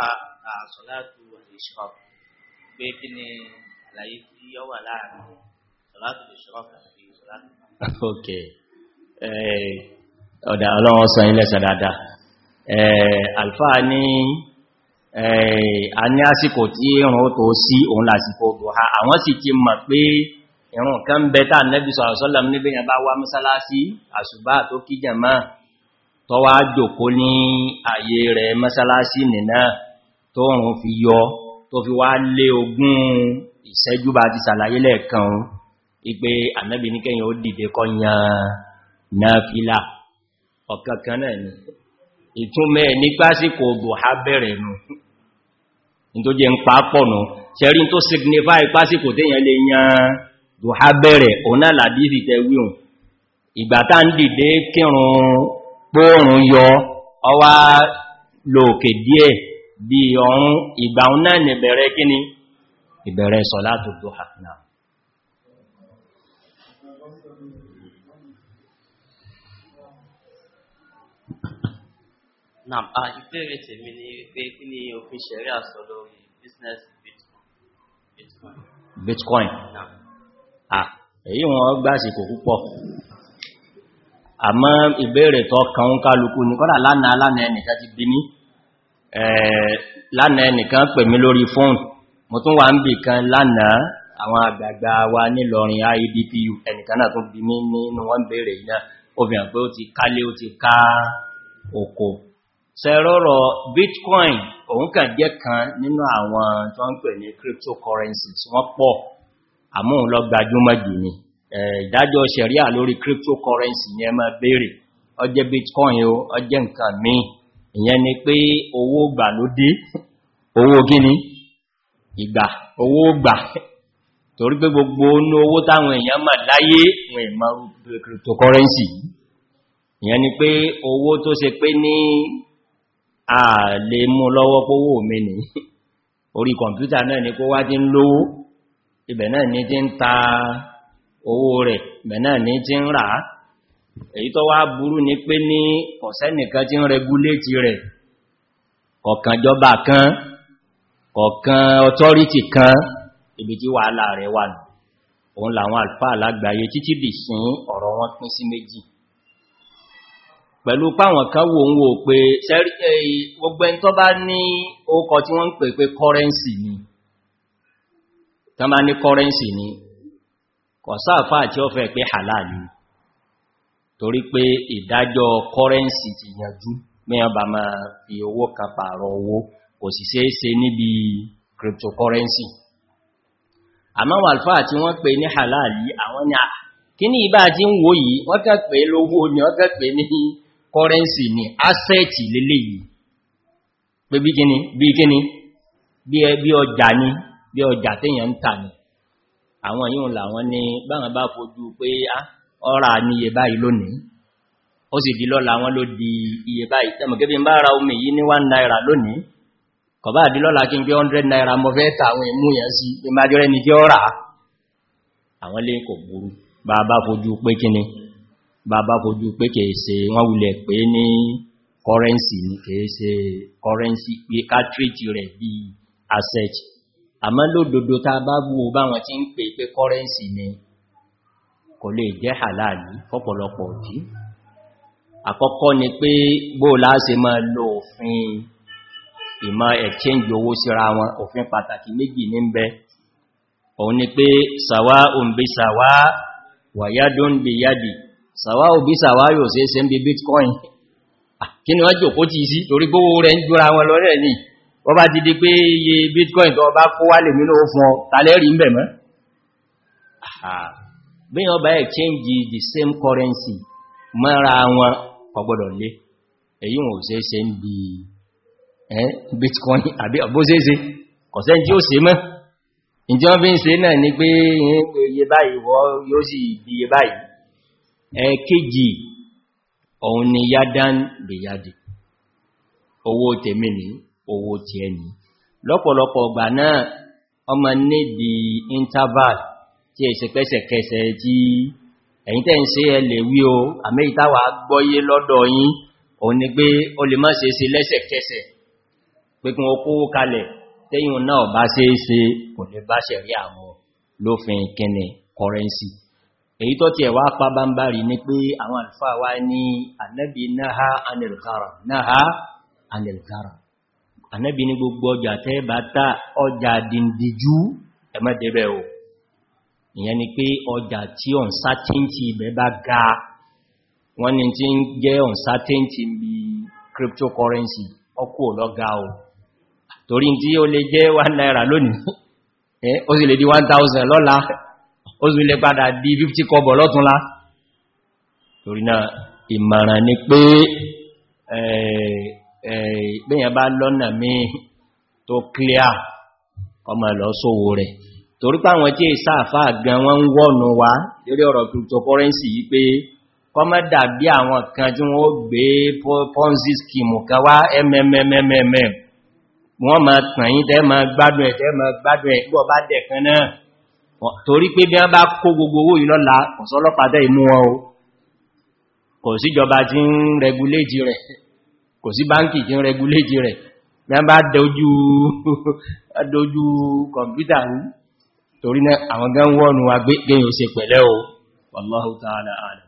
[SPEAKER 2] sọ̀dáàtù al-ishraq pé kí ni àlàyé tí ó wà láàárín sọ̀dáàtù al-ishraq àti sọ̀dáàtù. <laughs> ok. Eh, ọ̀dà ọlọ́wọ́ sọ ilẹ̀ sàdádá alfa ní eh, a ní àsìkò tí ìrun tó sí òun lásìkò duha àwọn sì ti mọ̀ pé ìrun kan bẹta nẹ́bí sọ̀rọ̀sọ́lọ́m níbi yàn bá wá mọ́sálásí àsùbá tó kí jàmá tó wá jòkó ní àyè rẹ̀ mọ́sálásí nìna tó rùn fi yọ tó fi wá lé ogún ìṣẹ́jú bá ti sàlàyé lẹ́ẹ̀kan ìpé ànẹ́bì ní kẹ́yìn ó dìde kọ́ náàfílà ọ̀kankan náà ni ìtúnmẹ́ ní pásíkò bùhá bẹ̀rẹ̀ nù ní tó jẹ ń pàápọ̀ nù ṣẹ́rí tó signify pásíkò téèyàn lè yan bùhá bẹ̀rẹ̀ ọ̀nà làdífì tẹ́wíhùn ìgbàtà ń dìde kírun pòórùn yọ ọwá lòkè díẹ̀ bí ọrún ìgbà náà nìbẹ̀rẹ̀ kíní ìbẹ̀rẹ̀ sọ̀látù dùhá náà Nam, a ìbéèrè tèmi ni pé kí ni òfin ṣẹ̀rí àsọ lórí business bitcoin. Bitcoin. Nam. À, èyí wọn gbásìkò púpọ̀. Àmọ́ ìbéèrè tó kan kálukú ní kọ́dà lánàá lánàá ẹnìkan ti bí ní. Lánàá ẹnìkan pè mí lórí fóònù. Mo tún wà ń bì kan lánàá àwọn àgbààgbà wa nílọrin IEDPU ẹnìkan náà tún bí ní nínú wọ́n béèrè yìí náà. Obìnrin pé ó ti kálé ó ti ká oko sẹ́rọ̀rọ̀ bitcoin òun kà jẹ́ kan nínú àwọn tó ń pè ní cryptocurrencies wọ́n pọ̀ àmóhun lọ gbajúmọ̀ jù ní ìdájọ́ sẹ̀ríà lórí cryptocurrency yẹn máa béèrè ó bitcoin o ó jẹ́ nǹkan míì ìyẹn ni pé owó gbà ló dé owó gíní ìgbà owó gbà torí pé gbogbo ní owó táwọn èèyàn mà láyé
[SPEAKER 3] wọn ìmọ̀ cryptocurrency
[SPEAKER 2] ìyẹn ni pé owó tó ṣe pé ní a lè mú lọ́wọ́ pówó mi ní orí kọ̀mpútà náà ni kó wá tí ń lówó ibẹ̀ náà ni tí ń ta owó rẹ̀ ibẹ̀ náà ni tí ń rà èyí tó wá burú ni pé ní ọ̀sẹ́nìkan tí ń regulate rẹ̀ kọ̀kan jọba kan kọ̀kan authority kan ibi tí wàhálà rẹ̀ wà nù òun làwọn àlfà alágbàáyé títí dì sí ọ̀rọ̀ wọn pín sí méjì pẹ̀lú páwọn kan wò ń wò pé gbogbo ẹni tó bá ní ókọ tí wọ́n ń pè pé kọ́rẹ́nsì ni tán bá ní kọ́rẹ́nsì ni kọ̀sáàfà àti ọ̀fẹ́ pé halali torí pé ìdájọ́ kọ́rẹ́nsì ti yanjú mẹ́yàn bá máa fi owó kan pààrọ̀ owó kò sì ṣe é ṣe níbi cryptocurrency àmáwọn alfáà tí wọ́n pè ní halali àwọn ni kí ní ìbá tí ń wò yìí wọ́n kẹ́ pè lówó ni wọ́n kẹ́ ní currency ni asset lélẹ́yìí pé bí kíni bí kíni bí ọjà ni bí ọjà téèyàn ń tà ni àwọn yíò làwọn ní báwọn bá fojú pé á ọ́rà ní iye báyìí lónìí ó sì di lọ́la wọn ló di iye báyìí tẹ́mọ̀kẹ́ bí n bá ra omi yìí ní 1 naira lónìí kọ̀bá àdí lọ́la kí n gbé 100 naira mọ́ fẹ́ ta àwọn ìmú yẹn sí ní májọ́rẹ́ ni kí ọ́rà àwọn lè kò burú bá bá fojú pé kíni bàbá fojú pé kèé ṣe wọ́n wulẹ̀ pé ní kọrẹ́nsì ní kèé ṣe pé kátírìtì rẹ̀ bí asset àmọ́ lódodo ta bá wò báwọn tí ń pè pé kọrẹ́nsì ni kò lè jẹ́ hàláàlì fọ́pọ̀lọpọ̀ òdí àkọ́kọ́ ni pé bó láàṣe máa lo òfin ìmọ̀ exchange owó síra wọn òfin pàtàkì méjì ní ń bẹ òun ni pé sàwá òǹbí sàwá wàyádùn bí sàwá òbí sàwá yóò ṣe ṣe ń bí bitcoin kí ni wọ́n jòkó ti sí torí gbówó rẹ̀ ń jura wọn lọ́rẹ̀ ní wọ́n bá ti di pé iye bitcoin tó bá kó wálè nínú fún ọ tàlẹ́rì ń bẹ̀ mọ́ bí wọ́n bá exchange the same currency mọ́ra wọn kò gbọ́dọ̀ lé èyí wọn ò ṣe ṣe ń bí bitcoin àbí ọ̀bọ́sẹ́sẹ́ kọ̀sẹ́ tí ó ṣe mọ́ ìjọ́ bí ń ṣe náà ni pé iye báyìí wọ́n yóò sì di iye báyìí ẹ̀kejì òun ni yádán bí yádì owó tèmi ní owó tí ẹni lọ́pọ̀lọpọ̀ ọgbà náà ọmọ níbi interval tí è ṣe pẹ́sẹ̀kẹsẹ̀ tí ẹ̀yin tẹ́ ń ṣe ẹlẹ̀ wí o àmẹ́yìtáwà gbọ́yé lọ́dọ̀ yín òun ni pé o lè má ṣe ṣe lẹ́sẹ̀kẹsẹ̀ pé kí wọ́n kalẹ̀ tẹ́yìn náà bá ṣe é ṣe kò lè bá ṣẹ̀rí àwọn lófin kẹni kọrẹ́nsì èyí tó ti ẹ̀wà pa bambari ní pé àwọn alfa wá ní annabi náà anilgara náà anilgara annabi ní gbogbo ọjà tẹ́ bá ta ọjà dìndìjú ẹmọ́dẹ̀bẹ̀ o ìyẹn ni pé ọjà tí uncertainty ibẹ̀ bá ga wọ́n ni tí ń jẹ́ uncertainty bí cryptocurrency ọkù ọlọ́gá o torí tí ó lè jẹ́ 1 naira lónìí <laughs> ó sì di 1000 lọ́la ó sì lè padà di 50 kọbọ̀ lọ́túnlá torí náà ìmọ̀ràn ni pé ẹ̀ẹ̀gbẹ̀yàn bá lọ́nà míì tó clear ọmọ lọ sówó rẹ̀ torí páwọn tí ìsáàfà gan wọ́n ń wọ́nu wá lórí ọ̀rọ̀ cryptocurrency yìí pé kọmọ́dà bí àwọn kan tí wọ́n gbé ponzi scheme kan wá mmmmmm wọ́n ma tàn yí tẹ́ ma gbádùn ẹ̀ tẹ́ ma gbádùn ẹ̀ gbọ́ bá dẹ̀ náà torí pé bí wọ́n bá kó gbogbo owó yìí lọ́la ọ̀sọ́lọ́pàá ìmú wọn o kò síjọba tí ń reguléjì rẹ̀ kò sí báńkì tí ń reguléjì rẹ̀ bí wọ́n bá dojú <laughs> kọ̀mpútà rú torí náà àwọn gan wọ́nu agbẹ́gbẹ́yìn ó se pẹ̀lẹ́ o wallahu ta'ala alam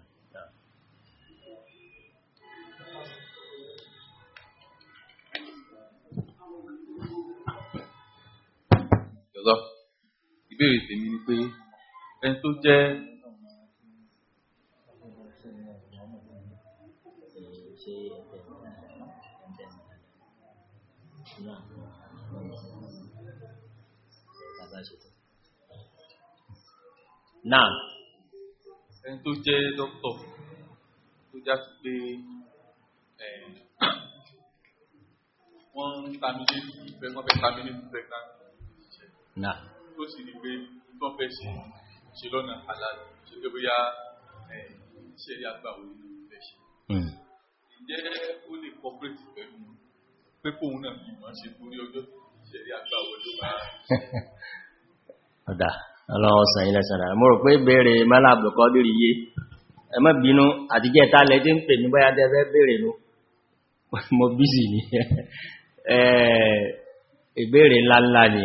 [SPEAKER 3] Joseph ìbéèrè tèmi ni pé ẹni tó jẹ́
[SPEAKER 2] náà
[SPEAKER 1] ẹni tó jẹ́ dókítọ̀
[SPEAKER 3] tó já pé
[SPEAKER 1] wọ́n ń tamilé fún ìfẹ́ wọ́n fẹ́ tamilé fún ìfẹ́ náà tó sì rí pé tó fẹ́ ṣe ṣe lọ́nà àlàyé ṣe pé bóyá iṣẹ́ rí àgbà wo nínú ilé ṣe. Hmm. ǹjẹ́ ó lè cooperate pẹ̀lú pé kóun náà fi ìmọ̀ ṣe torí ọjọ́ iṣẹ́ rí àgbà wo ló máa.
[SPEAKER 2] ọ̀dà ọlọ́wọ́ sàn ilẹ̀ sàn mo rò pé béèrè mọ́lá àbùkọ́ lórí iye ẹ má bínú àtijẹ́ ta lẹ tí ń pè ní bóyá tẹ́ fẹ́ béèrè ló <laughs> mo bízì ní <laughs> ìbéèrè ńláńlá ni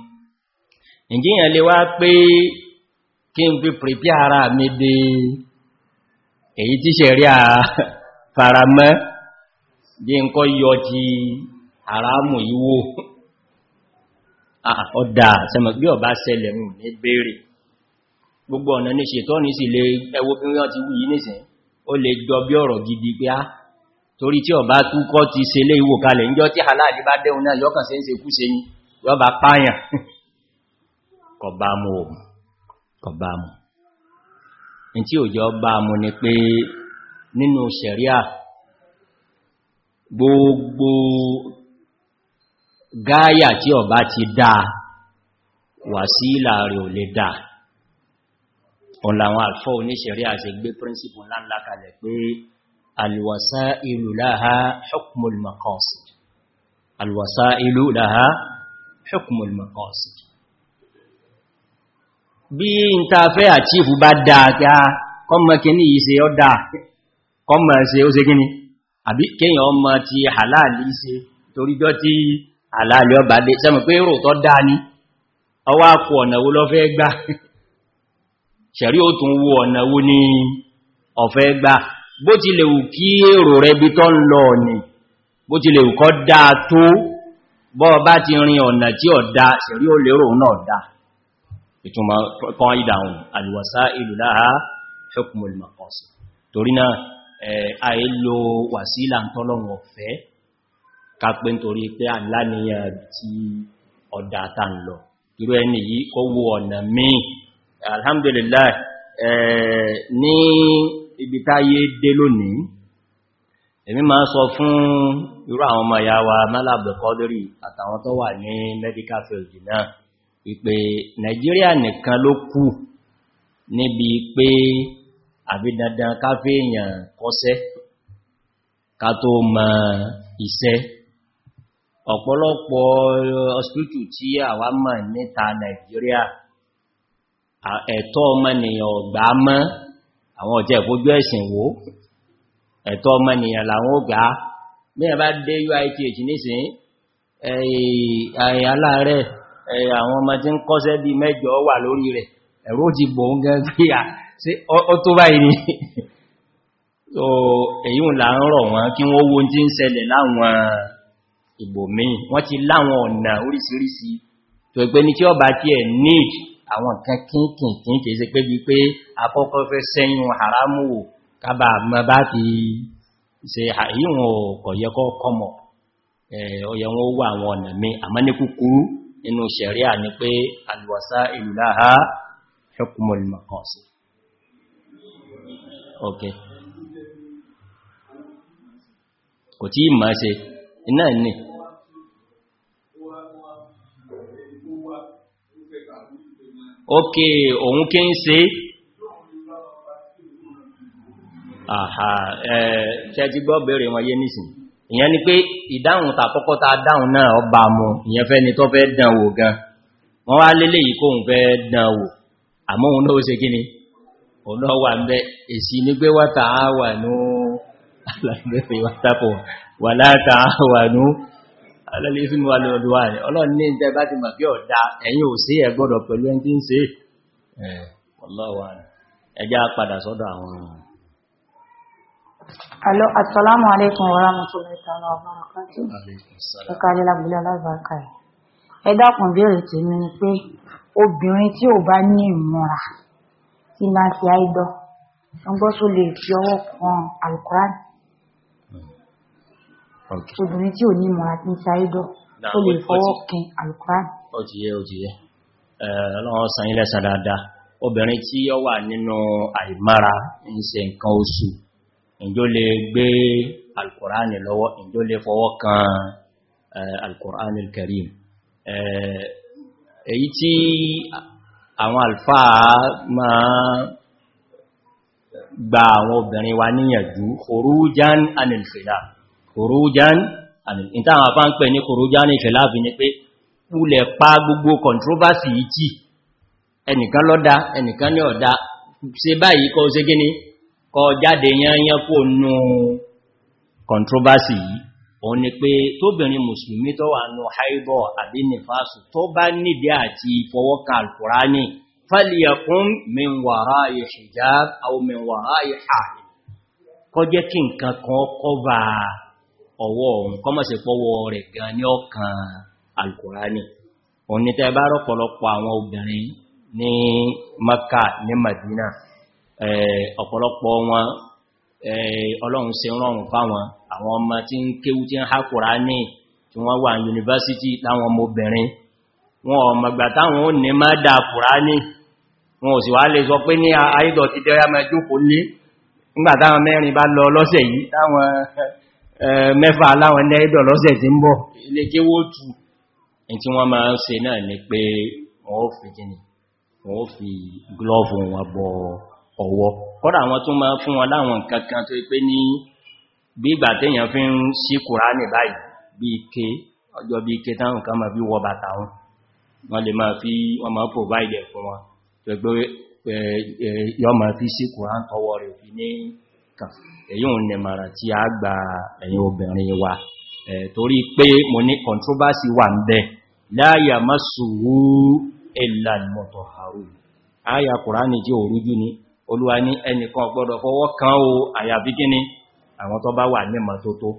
[SPEAKER 2] ìjíyàn lè wá pé kí n pè pèpè ara mi dé èyí tí ṣẹ̀rí à faramọ́ jí n kọ́ yọ ti àrámù ìwò ọ̀dà ah, sẹmọ̀ bí ọba ṣẹlẹ̀ mú ní bèèrè gbogbo ọ̀nà ní ṣètọ́ ní sí lè ẹwọ́ bí wọ́n ti wù yí nìsìn ó lè jọ bí ọ̀rọ̀ gidi pé á ah, torí tí ọba túkọ́ ti ṣe lé ìwò kalẹ̀ níjọ́ tí aláàdí bá dẹ́un náà yọ́kàn sí ń ṣe kú se ní yọba páyàn <laughs> kọbámu òun kọbámu ní tí òjò bámu ni pé nínú sẹ̀ríà gbogbo gáyà tí ọba ti dáa wà sí ìlàrẹ̀ ò lè dáa òun làwọn àlfọ́ oníṣẹ̀rí àti gbé príncipù ńláńlá kalẹ̀ pé alwasailu laha hukmul maqasid alwasailu laha hukmul maqasid bí n ta fẹ́ àchífù bá dáadáa kọmọ kìíní yìí ṣe ọ́dá kọmọ ṣe ó ṣe gíní àbí kíyàn ọmọ ti àláàlì ṣe toríjọ́ tí àláàlì ọba dé sẹ́mù pé rò tọ́ dáa ní ọwá kù ọ̀nà wo lọ <laughs> ṣẹ̀rí ó tún wo ọ̀nà ní ọ̀fẹ́ gbà bó ti lè wù kí èrò rẹ bí tọ́ ń lọ ọ̀nì bó ti lè wù kọ́ dáa tó bọ́ bá ti rin ọ̀nà tí ọ̀dá ṣẹ̀rí ó lérò náà dáa ìtumọ̀ kan ìdáhùn alwasailu laha hukmul maqasid torí náà àìlò wàsílà ń tọ́lọ́wọ̀ fẹ́ kápẹ́ nítorí pé aláníyàn tí ọ̀dá àtà ń lọ irú ẹni yìí kó wo ọ̀nà míì alhamdulillah ní ibi táyé dé lónìí èmi máa sọ fún irú àwọn ọmọ ìyá wa málàbẹ̀kọ́dírì àtàwọn tó wà ní medical field náà ìpè Nigeria nìkan ló kù níbi pé àbí dandan káfẹ́ èèyàn kọ́sẹ́ ká tó mọ iṣẹ́ ọ̀pọ̀lọpọ̀ ọ̀sìtútù tí àwa mọ̀ níta nàìjíríà ẹ̀tọ́ ọmọnìyàn ọ̀gbá mọ́ àwọn ọ̀jẹ́ ìkójú ẹ̀sìn wó ẹ̀tọ́ ọmọnìyàn làwọn ọ̀gbá mẹ́rin bá dé uith nísìn aláàrẹ̀ àwọn ọmọ tí ń kọ́sẹ́ bí mẹ́jọ wà lórí rẹ̀ ẹ̀rọ ti bò ń gan pé à sí ọ tó báyìí ni <laughs> so èyí ń là rọ̀ wọ́n kí wọ́n wo tí ń ṣẹlẹ̀ láwọn ìbòmíì wọ́n ti láwọn ọ̀nà oríṣiríṣi tó pé ní tí ọba tí ẹ̀ need àwọn nǹkan nínú ṣẹ̀ríà ní pé alwasailu laha hukmul maqasid ok kò tí ma ṣe iná ní ok òun kí ń ṣe àhà ẹ̀ẹ́ ṣẹ́jú bẹ̀rẹ̀ wọn yé nìsìn ìyẹn ni pé ìdáhùn tàkọ́kọ́ ta dáhùn náà ọba mú ìyẹn fẹ́ ni tó fẹ́ dánwò gan wọ́n wá lélẹ̀ yìí kóhun fẹ́ dánwò àmọ́ òun náà ó ṣe gíní òun náà wà ń bẹ èsì ní pé wátà wà ní alàgbẹ́fẹ́ wátàpọ̀ wà látà wà ní alẹ́lẹ́fún wà lọ́dọ̀wà rẹ̀ ọlọ́run ní ìtẹ́ bá ti Hello, assalamu alaikum wa
[SPEAKER 3] rahmatullahi ta'ala wa barakatuh.
[SPEAKER 1] Ẹ̀ka alẹ́lá gbélé alábàákà ẹ̀. Ẹ dákun béèrè tèmi ni pé obìnrin tí ò bá ní ìmúra tí máa fi àìdọ́, wọ́n gbọ́ tó lè fi ọwọ́ kan Al-Qur'an.
[SPEAKER 3] Hmm.
[SPEAKER 1] Obìnrin tí ò ní ìmúra tí ń fi àìdọ́, tó lè fọwọ́ kan Al-Qur'an.
[SPEAKER 2] Ó ti yẹ, ó ti yẹ. Ọlọ́run sàn ilẹ̀ sàn dáadáa. Obìnrin tí ó wà nínú àìmára ń ṣe nǹkan oṣù ìjó lè gbé alkùránì lọ́wọ́ ìjó lè fọwọ́ kan alkùránì karim èyí tí àwọn alfáà ma gba àwọn obìnrin wa níyànjú kòrúján anìlfìlà kòrúján anìlfìlà ìta àwọn afá ń pè ní kòrúján anìlfìlà bí ní pé púlẹ̀ pa gbogbo controversy yìí tí ẹnìkan lọ́dá ẹnìkan ní ọ̀dá ṣe báyìí kọ́ ṣe gíní kọ jáde yányán kò nú controversy yìí òun ni pé tóbìnrin mùsùlùmí tó wà nù haibọ̀ àbí nìfàásù tó bá nìdí àti fọwọ́kà alkùránì fàlìyàkún mẹ́wàá hijab aw mẹ́wàá hijab kọjẹ́ kí nǹkan kan kọba ọwọ́ òun kọmọ̀sẹ̀ pọ́wọ́ rẹ̀ gan ní ọkàn alkùránì òun ni tẹ́ bá rọ̀pọ̀lọpọ̀ àwọn obìnrin ní Makka ní Madina Eh, ọ̀pọ̀lọpọ̀ wọn eh, ọlọ́run ṣe rọrùn fáwọn àwọn ọmọ tí ń kéwú tí ń hákùrá ní tí wọ́n wà yunifásitì láwọn ọmọbìnrin wọn ọmọgbà táwọn ò ní má dáa kùrá ní wọn ò sì wá lè sọ pé ní àìdọ̀ ti dẹ́rẹ́ mẹ́jú kò lé nígbà táwọn mẹ́rin bá lọ lọ́sẹ̀ yìí táwọn eh, mẹ́fà láwọn ẹ̀dọ̀ lọ́sẹ̀ tí ń bọ̀ ilé kí wó tù ní tí wọ́n máa ń fi glove wọn bọ̀ ọwọ́ kọ́dà àwọn tó máa fún wọn láwọn kankan tó pé ní gbígbà téèyàn fi ń sí kùránì báyìí bí ike ọjọ́ bí ike táwọn kan máa fi wọ bàtà wọn wọ́n lè máa fi wọ́n máa provide ẹ̀ fún wọn tó gbé yọ́ máa fi sí kùránì tọwọ́ rẹ̀ fi ní kan èyí òun nẹ mara tí a gba ẹ̀yin obìnrin wa torí pé mo ní controversy wà ń bẹ láyà má sùúrú ẹ̀lànmọ̀tọ̀ àrùn áyà kùránì jẹ́ òrújú ni olúwa ní ẹnìkan gbọ́dọ̀ fọwọ́ kan o àyàbí gíní àwọn tó bá wà ní mọ́tótó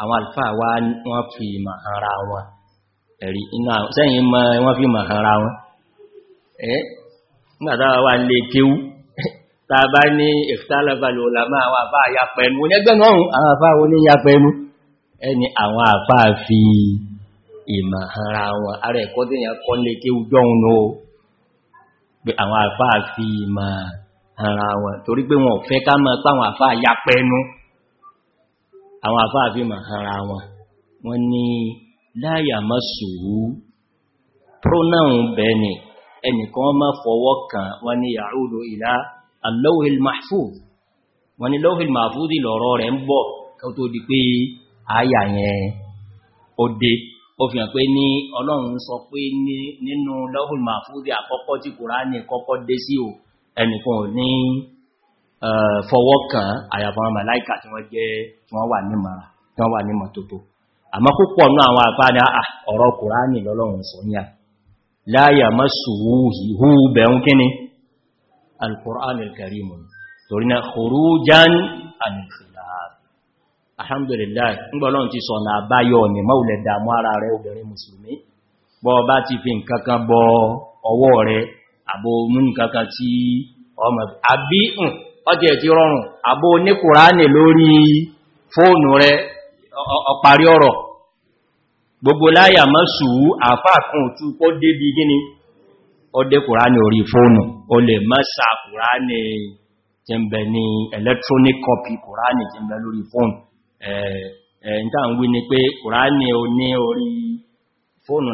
[SPEAKER 2] àwọn àlfáà wá wọ́n fi màhànra wọn ẹ̀rí iná sẹ́yìn mọ́ wọ́n fi màhànra wọn ẹ́ nígbàtàwà wà lè kéwú tàbá ní ìfìtàlọ́bàlò làmá àwọn àfáà ya pẹ̀lú onígbẹ̀nà ọ̀hún àwọn àfáà wọ́n ní ya pẹ̀lú ẹni àwọn àfáà fi ìmàhànra wọn ara ẹ̀kọ́ tí èèyàn kọ́ lè kéwú jọ́un náà pé àwọn àfáà fi ìmàhànra ara wọn torí pé wọn ò fẹ́ ká mọ́ páwọn àfáà ya pẹnu àwọn àfáà fi mọ̀ ara wọn wọ́n ní láyà sùúrù pronoun bẹni ẹnìkan má fọwọ́ kan wọ́n ní ya'udu ila al-lawhil mahfuz wọ́n ní lawhil mahfuz lọ̀rọ̀ rẹ̀ ń bọ̀ kó tó di pé àyà yẹn ó dé ó fi hàn pé ẹnìkan ò ní fọwọ́ kan àyàfà àwọn màláìkà tí wọ́n jẹ́ tí wọ́n wà ní mara tí wọ́n wà ní mọ̀tótó àmọ́ púpọ̀ ní àwọn àpáàdá ọ̀rọ̀ kùránì lọ́lọ́run sọ ní à láyà mọ́sùwú bẹ̀rún kíni alkùránì karimu torí na khurujan anìfìlàáàrù alhamdulillah àbò múnkankan tí ọmọ àbí ǹ ọjẹ́ ti rọrùn àbò ní kùránì lórí fóònù rẹ ọparí ọ̀rọ̀ gbogbo láyà mọ́ sùú àfáàkùn tú kó débi gíní ọdé kùránì orí fóònù o lè mọ́sà kùránì tí ní electronic copy kùránì tí ń bẹ lórí fóònù ẹ̀ẹ̀ntà ń wí ni pé kùránì o ní orí fóònù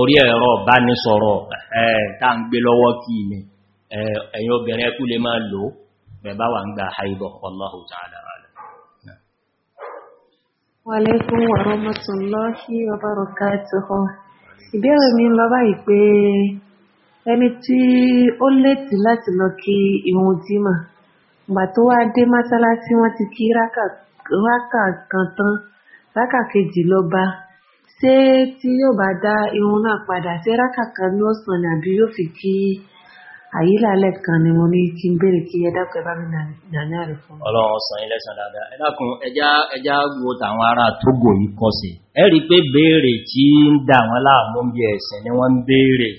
[SPEAKER 2] orí ẹ̀rọ bá ní sọ̀rọ̀ tá ń gbé lọ́wọ́ kí ní ẹ̀yin obìnrin ẹkú lè máa lò bẹ̀bá wà ń gba haibọ̀ Allahu ta'ala
[SPEAKER 1] Wa alaykum wa rahmatullahi wa barakatuh ìbéèrè mi lọ báyìí pé ẹni tí ó létí gbà tó wá dé mọ́sálásí wọ́n ti kí rákà kan tán rákà kejì ló bá ṣé tí yóò bá dá irun náà padà ṣé rákà kan ní ọ̀sán ni àbí yóò fi kí àyílà lẹ́ẹ̀kan ni mo ní kí n béèrè kí ẹ dákun ẹ bá mi
[SPEAKER 3] nàní rẹ̀
[SPEAKER 2] fún. ọlọ́run ọ̀sán ilẹ̀ sàn dáadáa ẹ dákun ẹjá ẹjá wo tàwọn ará Tógò yìí kọ sí ẹ rí i pé béèrè tí ń dà wọn láàmú bí ẹ̀sìn ni wọ́n ń béèrè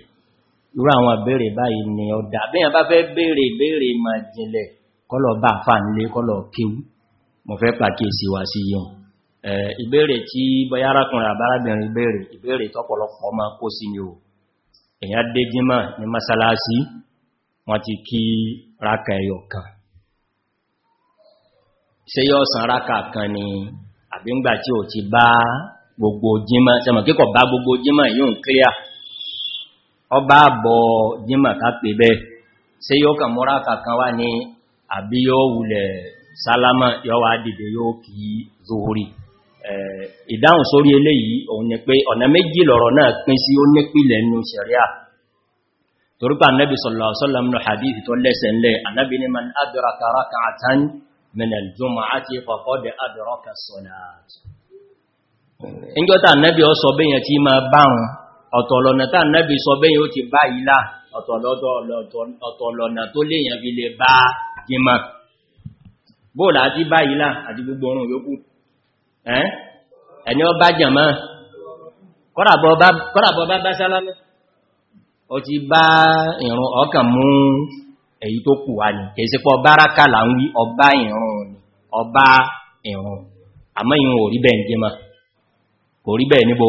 [SPEAKER 2] irú àwọn béèrè báyìí ni ọ̀dà bẹ́ẹ̀ bá fẹ́ béèrè béèrè mà jinlẹ̀ kọ́lọ̀ bá fà nílé kọ́lọ̀ kéwú mo fẹ́ pàkíyèsí wa sí yẹn ìbéèrè tí bọ́yárakùnrin àbárábìnrin ìbéèrè ìbéèrè tọ́pọ̀lọpọ̀ ma kó sí ni o èyàn dé jímọ̀ ní masalasi wọ́n ti kí rákà ẹyọ kan ṣe san rákà kan ni àbíngbà tí ò ti bá gbogbo jímọ̀ kíkọ̀ bá gbogbo yóò kíríà ọ bá bọ ṣe kan wá àbí wulẹ̀ sálámà wá dìde yóò kí zuhuri Eh, ìdáhùn sórí eléyìí òun ni pé ọ̀nà méjì lọ̀rọ̀ náà pín sí ó nípìlẹ̀ nínú ṣẹ̀ríà torípa annabi sallallahu alaihi wasallam no hadithi tó lẹ́sẹ̀ ńlẹ̀ annabi ni man adraka raka'atan min al-jum'ati faqad adraka as-salat injota annabi ó sọ beyan tí ma baun ọ̀tọ̀lọ́nà tá annabi sọ beyan ó ti bá àti gbogbo orun yòókù ẹni ọ bá jàmá kọ́ràbọ̀ bá bá sálámẹ́ ó ti bá ìrun ọkàn mú èyí tó kù wà ní kèsí pọ̀ báraka là ń ọba ìrun ni ọba ìrun àmọ́ ìrun ò bẹ́ẹ̀ jíma kò bẹ́ẹ̀ níbo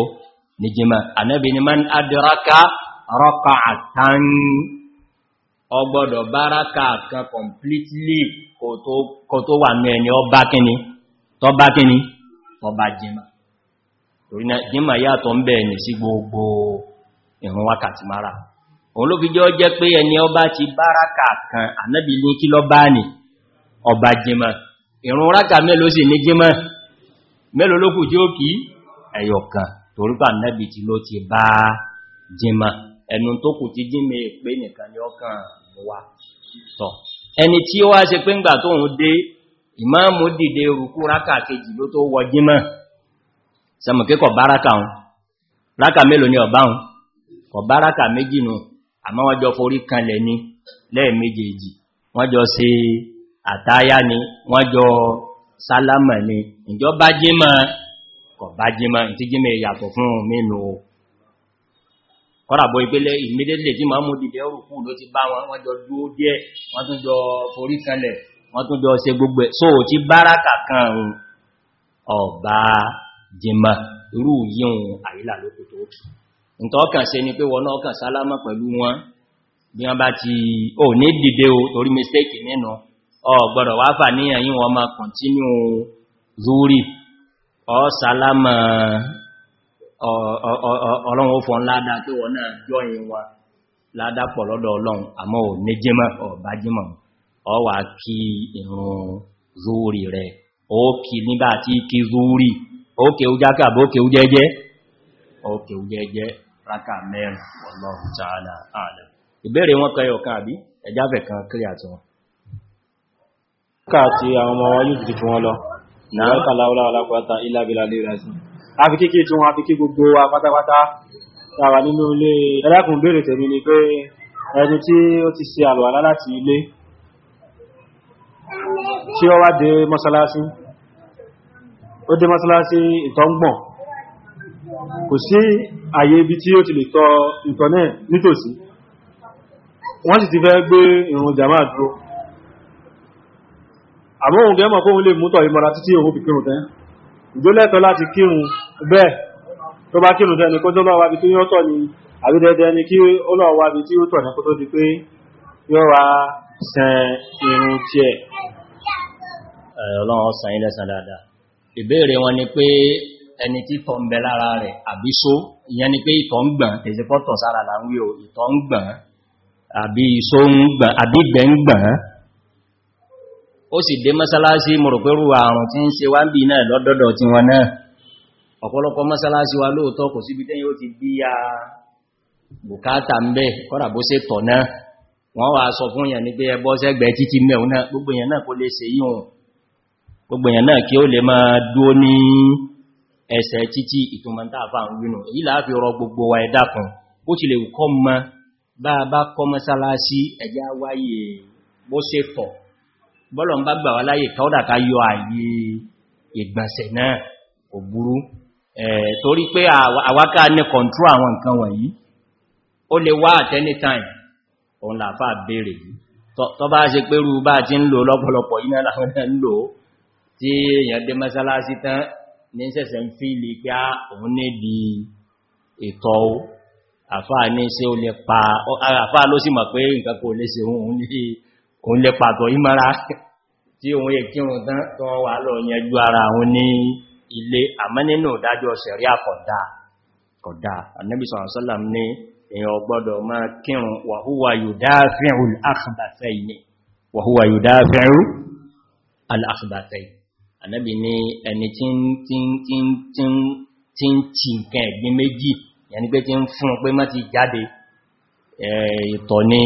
[SPEAKER 2] ní jíma ànábì ni man adraka raka'atan baraka kan completely kò tó wà ọba kíni kíni ọba jíma torí náà jíma yàtọ̀ ń bẹ̀ẹ̀ ní sí gbogbo ìrun wákàtí mara òun ló fi jẹ́ ọ jẹ́ pé ẹni ọba ti báraka kan ànábì ní kí lọ bá ní ọba jíma ìrun ráka mélòó sì ní jíma mélòó lókù tí ó kí ẹyọkan torí pé ànábì ti ló ti bá jíma ẹnu tó kù ti jíma ẹni tí wá ṣe pé ńgbà tóun dé ìmáàmù dìde rùkú rákà kejì ló tó wọ jímọ̀ sẹmọ̀kẹ́kọ̀ báraka hun rákà mélòó ni ọ̀bá hun kọ̀ báraka méjì nù àmọ́ wọ́n jọ forí kanlẹ̀ ní lẹ́ẹ̀méjèèjì wọ́n jọ ṣe àtáyá ni wọ́n jọ sálámà ni ìjọ bá jímọ̀ kọ̀ bá jímọ̀ tí jímọ̀ yàtọ̀ fún mínú kọ́ràbọ̀ ìpele immediately tí máa mú dìde rùkú ló ti bá wọn wọ́n jọ dúó díẹ̀ wọ́n tún jọ forí kanlẹ̀ wọ́n tún jọ ṣe gbogbo ẹ̀ só tí báraka kan ọba jìmá irú yíò àìlà lókù tó kì ǹkan ọkàn ṣe ni pé wọ́n náà kàn sálámà pẹ̀lú wọn bí wọ́n bá ti ò ní dìde o torí mistake nínú ọgbọ̀dọ̀ wá fà ní ẹ̀yìn wọn ma continue zúrí ọ sálámà ọlọ́run ó fọ́n ládá pé wọ́n náà wa ládá pọ̀ lọ́dọ̀ ọlọ́run àmọ́ ò ní jẹ́mọ́ ọ̀bá ọ wà kí ìrun zúúrì rẹ̀ ó kí nígbà tí kí zúúrì ó kéú jákà bó kéú jẹ́jẹ́ ó kéú jẹ́jẹ́ rákà mẹ́rin wallahu ta'ala a'lam ìbéèrè wọn kẹyọ kan àbí ẹjáfẹ̀ kan kiri àti wọn káàtí àwọn ọmọ wa yóò ti fi wọn lọ náà kàláwọ́lá alápàtà ìlàbílà lè rẹ̀ sí àfi kíkí tí wọ́n àfi kí gbogbo wa pátápátá tàwà nínú ilé
[SPEAKER 1] ẹni tí ó ti ṣe àlùwàlá láti ilé tí ó wá dé mọ́sálásí ó dé mọ́sálásí ìtọ́ngbọ̀n kò sí àyè ibi tí ó ti lè tọ ìtọ̀ náà nítòsí wọ́n sì ti fẹ́ gbé ìrun jàmáà dúró àmọ́ òun gẹ́mọ̀ kóhun lè mútọ̀ ìmọ̀ra títí òun fi kírun tẹ́ ìjó lẹ́tọ̀ láti kírun bẹ́ẹ̀ tó bá kírun tẹ́ kó tó lọ́wọ́ tí yóò tọ̀ ní àbí ni kí ó lọ́wọ́ ibi tí yóò tọ̀ ní kó tó di pé yóò wá
[SPEAKER 2] sẹ́n irun tiẹ̀ Eh, ọlọ́run san yín lẹ́san dáadáa ìbéèrè wọn ni pé ẹni tí tọ́ ń bẹ lára rẹ̀ àbí só ìyẹn ni pé ìtọ̀ ń gbọ̀n tèsí pọ́tọ̀ sára là ń wí o ìtọ̀ ń gbọ̀n àbí ìsó ń gbọ̀n àbí ìgbẹ́ ń gbọ̀n ó sì dé mọ́sálásí mọ̀rọ̀pẹ́rù àrùn tí ń ṣe wá bí náà lọ́dọ́dọ̀ tí wọn náà ọ̀pọ̀lọpọ̀ mọ́sálásí wa lóòótọ́ kò síbi tẹ́yìn ó ti bí a bùkátà ń bẹ́ kọ́rà bó ṣe tọ̀ náà wọ́n wá sọ fún yẹn ní pé ẹbọ́ sẹ́gbẹ̀ẹ́ títí mẹ́un gbogbo èèyàn náà kí ó lè máa dúó ní ẹsẹ̀ títí ìtùmọ̀ntà àfà ń rínú èyí láàfi rọ gbogbo wa ẹ̀dá kan ó ti lè kọ́ mọ́ bá bá kọ́ mọ́sálásí ẹjá wáyé bó ṣe fọ̀ bọ́lọ̀ ń bá gbà wá láyé yọ àyè ìgbọ̀nsẹ̀ náà kò burú torí pé àwáká ní kọ̀ntró àwọn nǹkan wọ̀nyí ó lè wá at any time òun làfà béèrè yìí tó ṣe pérú bá ti ń lò lọ́pọ̀lọpọ̀ yìí náà láwọn náà ń lò tí èyàn dé mọ́sálásí tán ní sẹ̀sẹ̀ ń fi lè pé ah, òun ní di ìtọ̀ àfáà ní ṣe o lè pa àfáà ló sì mọ̀ pé nǹkan kò lè ṣe òun lè pàtọ̀ ìmọ́ra tí òun yẹ kírun tán tó wà lọ yẹjú ara òun ní ilé àmọ́ nínú ìdájọ́ ṣẹ̀rí àkọ̀dá kódà ní èyàn ọgbọ́dọ̀ máa kírun wa huwa yudafi'u al-akhbathayn wa ànábì ní ẹni tí ń ti nǹkan ẹ̀gbin méjì yẹni pé tí ń fún pé má ti jáde ìtọ̀ ni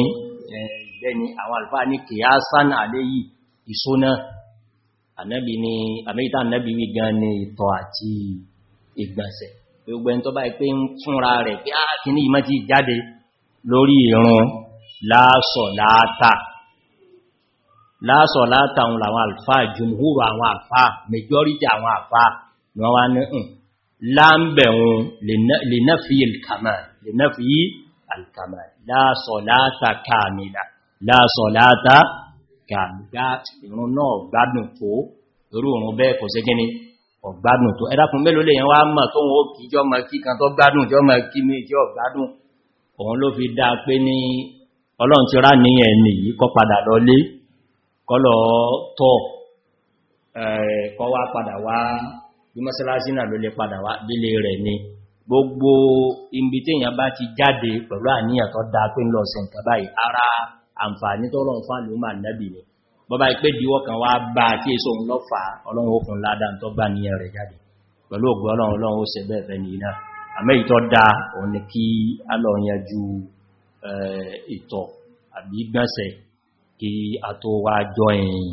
[SPEAKER 2] ìgbẹ́ni àwọn àlùfáà ní kìyásán àléyìí ìṣóná ànábì ní àmẹ́ta ànábì wí gan ni ìtọ̀ àti ìgbọ̀nsẹ̀ gbogbo ẹni tó bá pé ń fúnra rẹ̀ pé á ah, yìí má ti jáde lórí ìrun láàsọ̀ láátàá láàsọ̀ látàun làwọn alfa jùmúhúrù àwọn alfa majority àwọn alfa ni wọ́n wá ní ǹ hmm, láàbẹ̀un lè náfi alkamal lè náfi alkamal láàsọ̀ látà kàmìlà láàsọ̀ látà kàmìlà ìrun náà gbádùn tó irú òun bẹ́ẹ̀ kò ségíní ọ̀gbádùn tó ẹ̀dàkùn mélòó lè yẹn wá mọ̀ tó wọ́n kí jọ mọ̀ kí kan tó gbádùn kọ́lọ̀ tọ́ ẹ̀kọ́ wá padà wá bí mọ́sálásí náà ló lè padà wá délé rẹ̀ ni gbogbo ibi tí èyàn bá ti jáde pẹ̀lú àníyàn tó dáa pé lọ sí nǹkan báyìí ara àǹfààní tó rọrùn fún àlùmà nábì ni bọ́bá ipé díwọ́ kan wá bá tí èso òun lọ́fà ọlọ́run okùn ládàá tó bá níyàn rẹ̀ jáde pẹ̀lú ògbọ́ ọlọ́run ọlọ́run ó ṣe bẹ́ẹ̀ fẹ́ nìyí náà kí a tó wá jọ ẹ̀yìn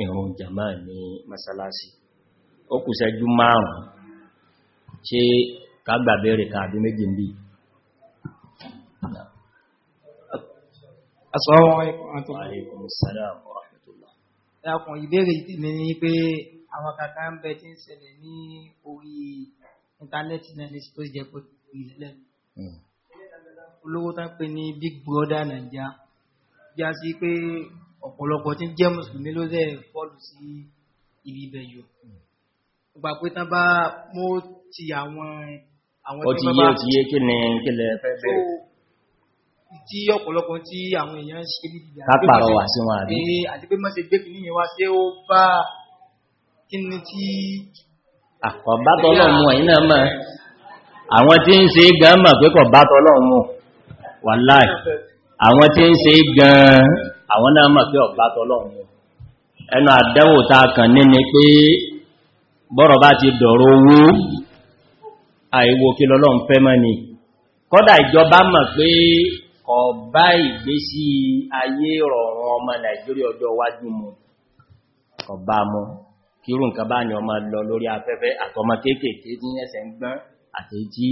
[SPEAKER 2] ìrun uh, jama ní masalasi ó kù ṣẹ́jú márùn-ún ṣe kágbà bẹ̀rẹ̀ káàbí méjì ń bí
[SPEAKER 1] Assalamu alaikum assalam wa rahmatullah ẹkùn ìbéèrè mi ni pé àwọn kàkà ń bẹ tí ń ṣẹlẹ̀ ní orí íńtánẹ́ẹ̀tì náà ní sípò ìjẹ́pọ̀ ìlẹ́lẹ́ hmm. olówó tán pè ní Big Brother Nigeria já sí pé ọ̀pọ̀lọpọ̀ tí ń jẹ́ mùsùlùmí ló dẹ̀ fọ́ọ̀lù sí ibi ibẹ̀ yòó gbà pé tán bá mú ti àwọn àwọn tí wọ́n bá ó ti yé
[SPEAKER 2] kí ni kí lẹ fẹ́ bẹ̀rẹ̀
[SPEAKER 1] tí ọ̀pọ̀lọpọ̀ tí àwọn èèyàn ṣe ní ìdí àpapàrọ̀ wà sí wọn àbí àti pé mọ́sẹ̀ gbé kìí yẹn wá sí ó bá kí
[SPEAKER 2] wà láì àwọn tí ń ṣe gan àwọn náà mọ̀ pé ọ̀pá tọ́lọ́run ẹnu àdánwò ta kàn ní ni pé bọ́rọ̀ bá ti dọ̀rọ̀ owó àìwò kí lọ́lọ́run fẹ́ mọ́ ni kọ́dà ìjọba mọ̀ pé ọ̀bá ìgbésí ayé rọ̀rùn ọmọ nàìjíríà ọjọ́ wájú mu ọba mọ́ kírù nǹkan bá ní ọmọ lọ lórí afẹ́fẹ́ àtọmọ kéékèèké ní ẹsẹ̀ ń gbọ́n àti tí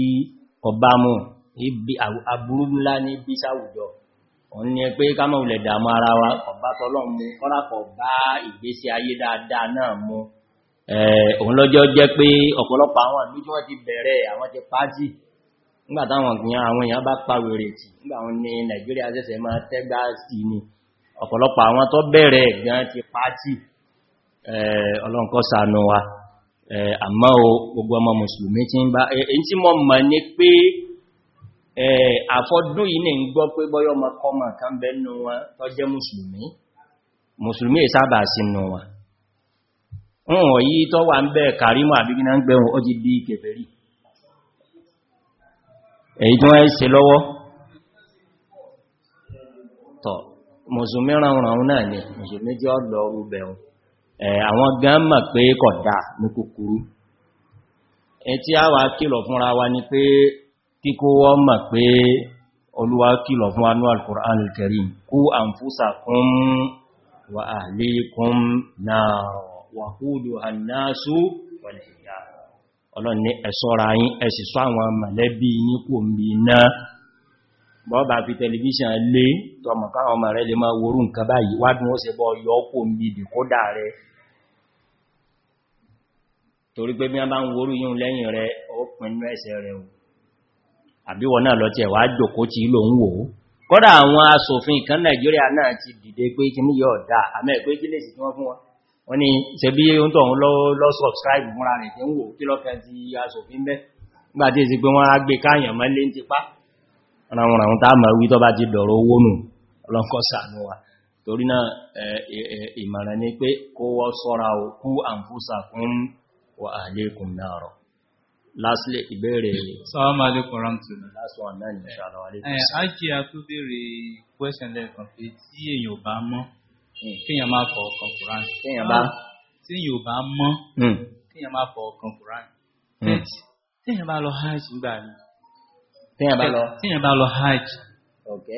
[SPEAKER 2] ọba mọ́ ibi aburú ńlá ní bí sáwùjọ òun ni pé ká mọ̀ lẹ̀ dàmú ara wa ọ̀bá tọ́lọ́run mú kọ́lápọ̀ bá ìgbésí ayé dáadáa náà mú òun lọ́jọ́ jẹ́ pé ọ̀pọ̀lọpọ̀ àwọn ìlú ti bẹ̀rẹ̀ àwọn ti pàájì nígbàtàwọn ìgbìyàn àwọn èèyàn bá pàwèrè tì ni Nàìjíríà ṣẹ̀ṣẹ̀ máa tẹ́gbà sí ni ọ̀pọ̀lọpọ̀ àwọn tó bẹ̀rẹ̀ gan ti pàájì ọlọ́nkọ́ ṣàánú wa àmọ́ ọmọ mùsùlùmí ti ń Eh, àfọdún yìí ní ń gbọ́ pé bọ́yọ́ ma kọmà kan bẹ nù wọn tó jẹ́ mùsùlùmí mùsùlùmí ìsábà sí nù wọn wọn yí tó wà ń bẹ kàrímù àbígínà ń gbẹ̀wọ̀n ó jí bí kèfèrí èyí tó wọ́n ṣe lọ́wọ́ mùsùlùmí náà ni kíkó wọ́n mọ̀ pé olúwa kìlọ̀ fún anú al-Qur'an al-Karim qu anfusakum wa ahlikum nara waquduha an-nasu wal-hijara ọlọ́run ní ẹ ṣọ́ra yín ẹ sì ṣọ́ àwọn mọ̀lẹ́bí yín kò mì náà bọ́ọ̀bà fi tẹlifíṣàn lé tọmọ káwọn ọmọ rẹ̀ lè máa worú nǹkan àbíwọ̀ náà lọ tí ẹ̀wà jòkó tí ló ń wò kọ́dà àwọn asòfin kan nàìjíríà náà ti dìde pé kí ní yọ ọ̀dá àmẹ́ pé kí lè sì fún wọn wọ́n ni ṣe bí oún tọ̀hún lọ subscribe múra rẹ̀ tí ń wò kí lọ́kẹ́ ti asòfin bẹ́ nígbàtí èsì pé wọ́n á gbé káàyàn mọ́ lé ti pá ràwọn àwọn lastly ìbéèrè salamu alaikum rahmatullahi last one náà ní inshallah alaikum eh
[SPEAKER 1] aji a tó béèrè question lẹ́ẹ̀kan pé tí èèyàn bá mọ̀ hmm. kéèyàn máa fọ ọkàn quran kéèyàn bá tí èèyàn bá mọ̀ hmm. kéèyàn máa fọ ọkàn quran hmm.
[SPEAKER 2] téèyàn bá lọ hajj nígbà mi
[SPEAKER 1] téèyàn bá lọ téèyàn bá lọ hajj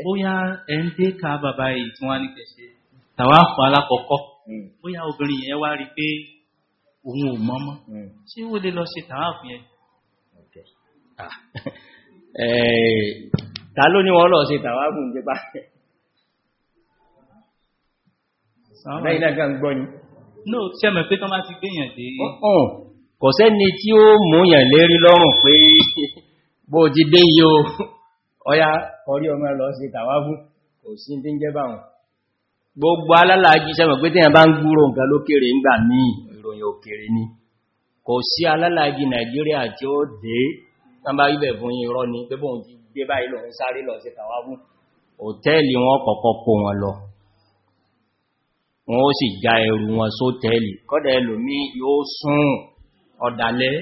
[SPEAKER 2] bóyá ẹ ń dé ká bàbá yìí tí wọ́n á ní kẹsẹ tàwa fọ alákọ̀ọ́kọ́ bóyá obìnrin yẹn wá rí i pé òun ò mọ̀ mọ́
[SPEAKER 1] ṣé ó lè lọ ṣe tàwa fún yẹn.
[SPEAKER 2] Ah. <laughs> Eh, ta ló ní wọ́n lọ sí tàwágùn jẹba lẹ́yìn náà kan gbọ́ ni no sẹ́mẹ̀ pé tán bá ti gbéyàn dé kò sẹ́ni tí ó múyàn lérí lọ́rùn pé <laughs> bó ti dé yí o <laughs> ọya kọrí ọmọ lọ sí tàwágùn kò sí tí ń jẹ́ báwọn gbogbo alálàájí sẹ́mọ̀ pé tíyàn bá ń gúrò nǹkan lókèrè ńgbà míì ìròyìn òkèrè ni kò sí alálàájí Nàìjíríà tí ó dé tán bá ibẹ̀ fún yí rọ́ ni pé bóun ti gbé báyìí lọ ń sáré lọ sí tàwábù òtẹ́ẹ̀lì wọn kọ̀kọ́ kó wọn lọ wọn ó sì já ẹrù wọn sótẹ́ẹ̀lì kọ́dẹ̀ ẹlòmí yóò sún ọ̀dàlẹ́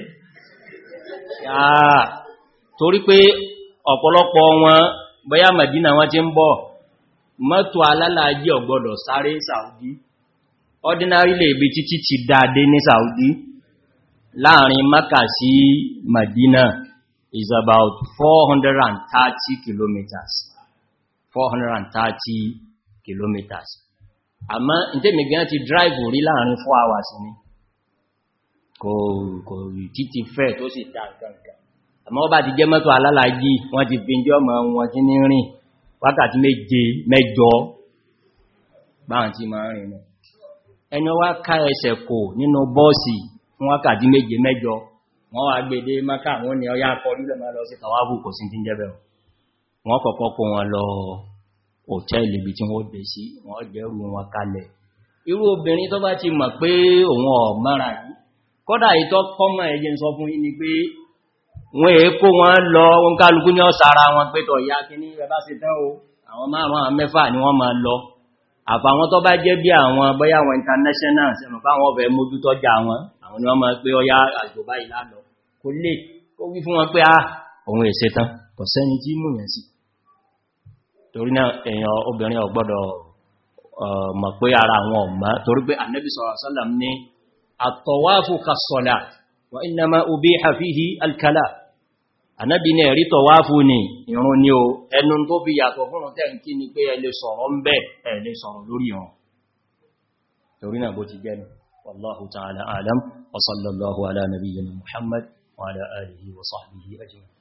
[SPEAKER 2] torí pé ọ̀pọ̀lọpọ̀ wọn bóyá Mẹ̀dínà wọn ti ń bọ̀ mọ́tò alálàájí ọ̀gbọ́dọ̀ sáré Saudi ordinary lè ibi títí ti dáadé ní Saudi láàrin Maka sí Mẹ̀dínà is about 430 kilometers 430 kilometers àmọ́ ìtẹ́mì gan ti drive orí láàrin 4 hours ni kò kò títí fẹ́ tó sì ta nǹkan àmọ́ bá ti jẹ́ mọ́tò alálàájí wọ́n ti fi jọ́ mọ́ wọn tí ní rìn wákàtí méje mẹ́jọ báhùn tí máa rìn ẹni wá ká ẹsẹ̀ kò nínú bọ́ọ̀sì fún wákàtí méje mẹ́jọ wọ́n wà gbèdé maka wọ́n ni ọya kọ lílẹ̀ máa lọ sí tàwàbù kò sí jíjẹ́ bẹ̀rẹ̀ wọ́n kọ̀kọ́ kó wọn lọ òtẹ́ẹ̀lì ibi tí wọ́n dé sí wọ́n jẹ́rù wọn kalẹ̀ irú obìnrin tó bá ti mọ̀ pé òun ọ̀mọ́ra yìí kódà ìtọ́ kọ́mọ̀ ẹ̀yẹ sọ fún yín ni pé wọ́n èé kó wọn lọ wọn kálukú ní ọ̀sára wọn pé tọ̀ ya kí ní ẹbá sí tán o àwọn márùn-ún àwọn mẹ́fà ni wọ́n máa lọ àfàwọn tó bá jẹ́ bí àwọn bóyá àwọn international sẹ́nu fáwọn ọ̀fẹ́ mójútọ́jà wọn àwọn ni wọ́n máa pé ọya àjò báyìí lálọ kò lè kó wí fún wọn pé a ah, òun èsẹ tán kò sẹ́ni tí mú yẹn sí torí náà èèyàn obìnrin ọ̀gbọ́dọ̀ mọ̀ pé ara àwọn ọ̀mọ́ torí pé annabi sallallahu alaihi wasallam ní at-tawafu kas-salat wa innama ubiha fihi al-kalam ànábì torí náà bó ti jẹ́nu wallahu ta'ala alam
[SPEAKER 3] وصلى الله على نبينا محمد وعلى آله وصحبه أجمعين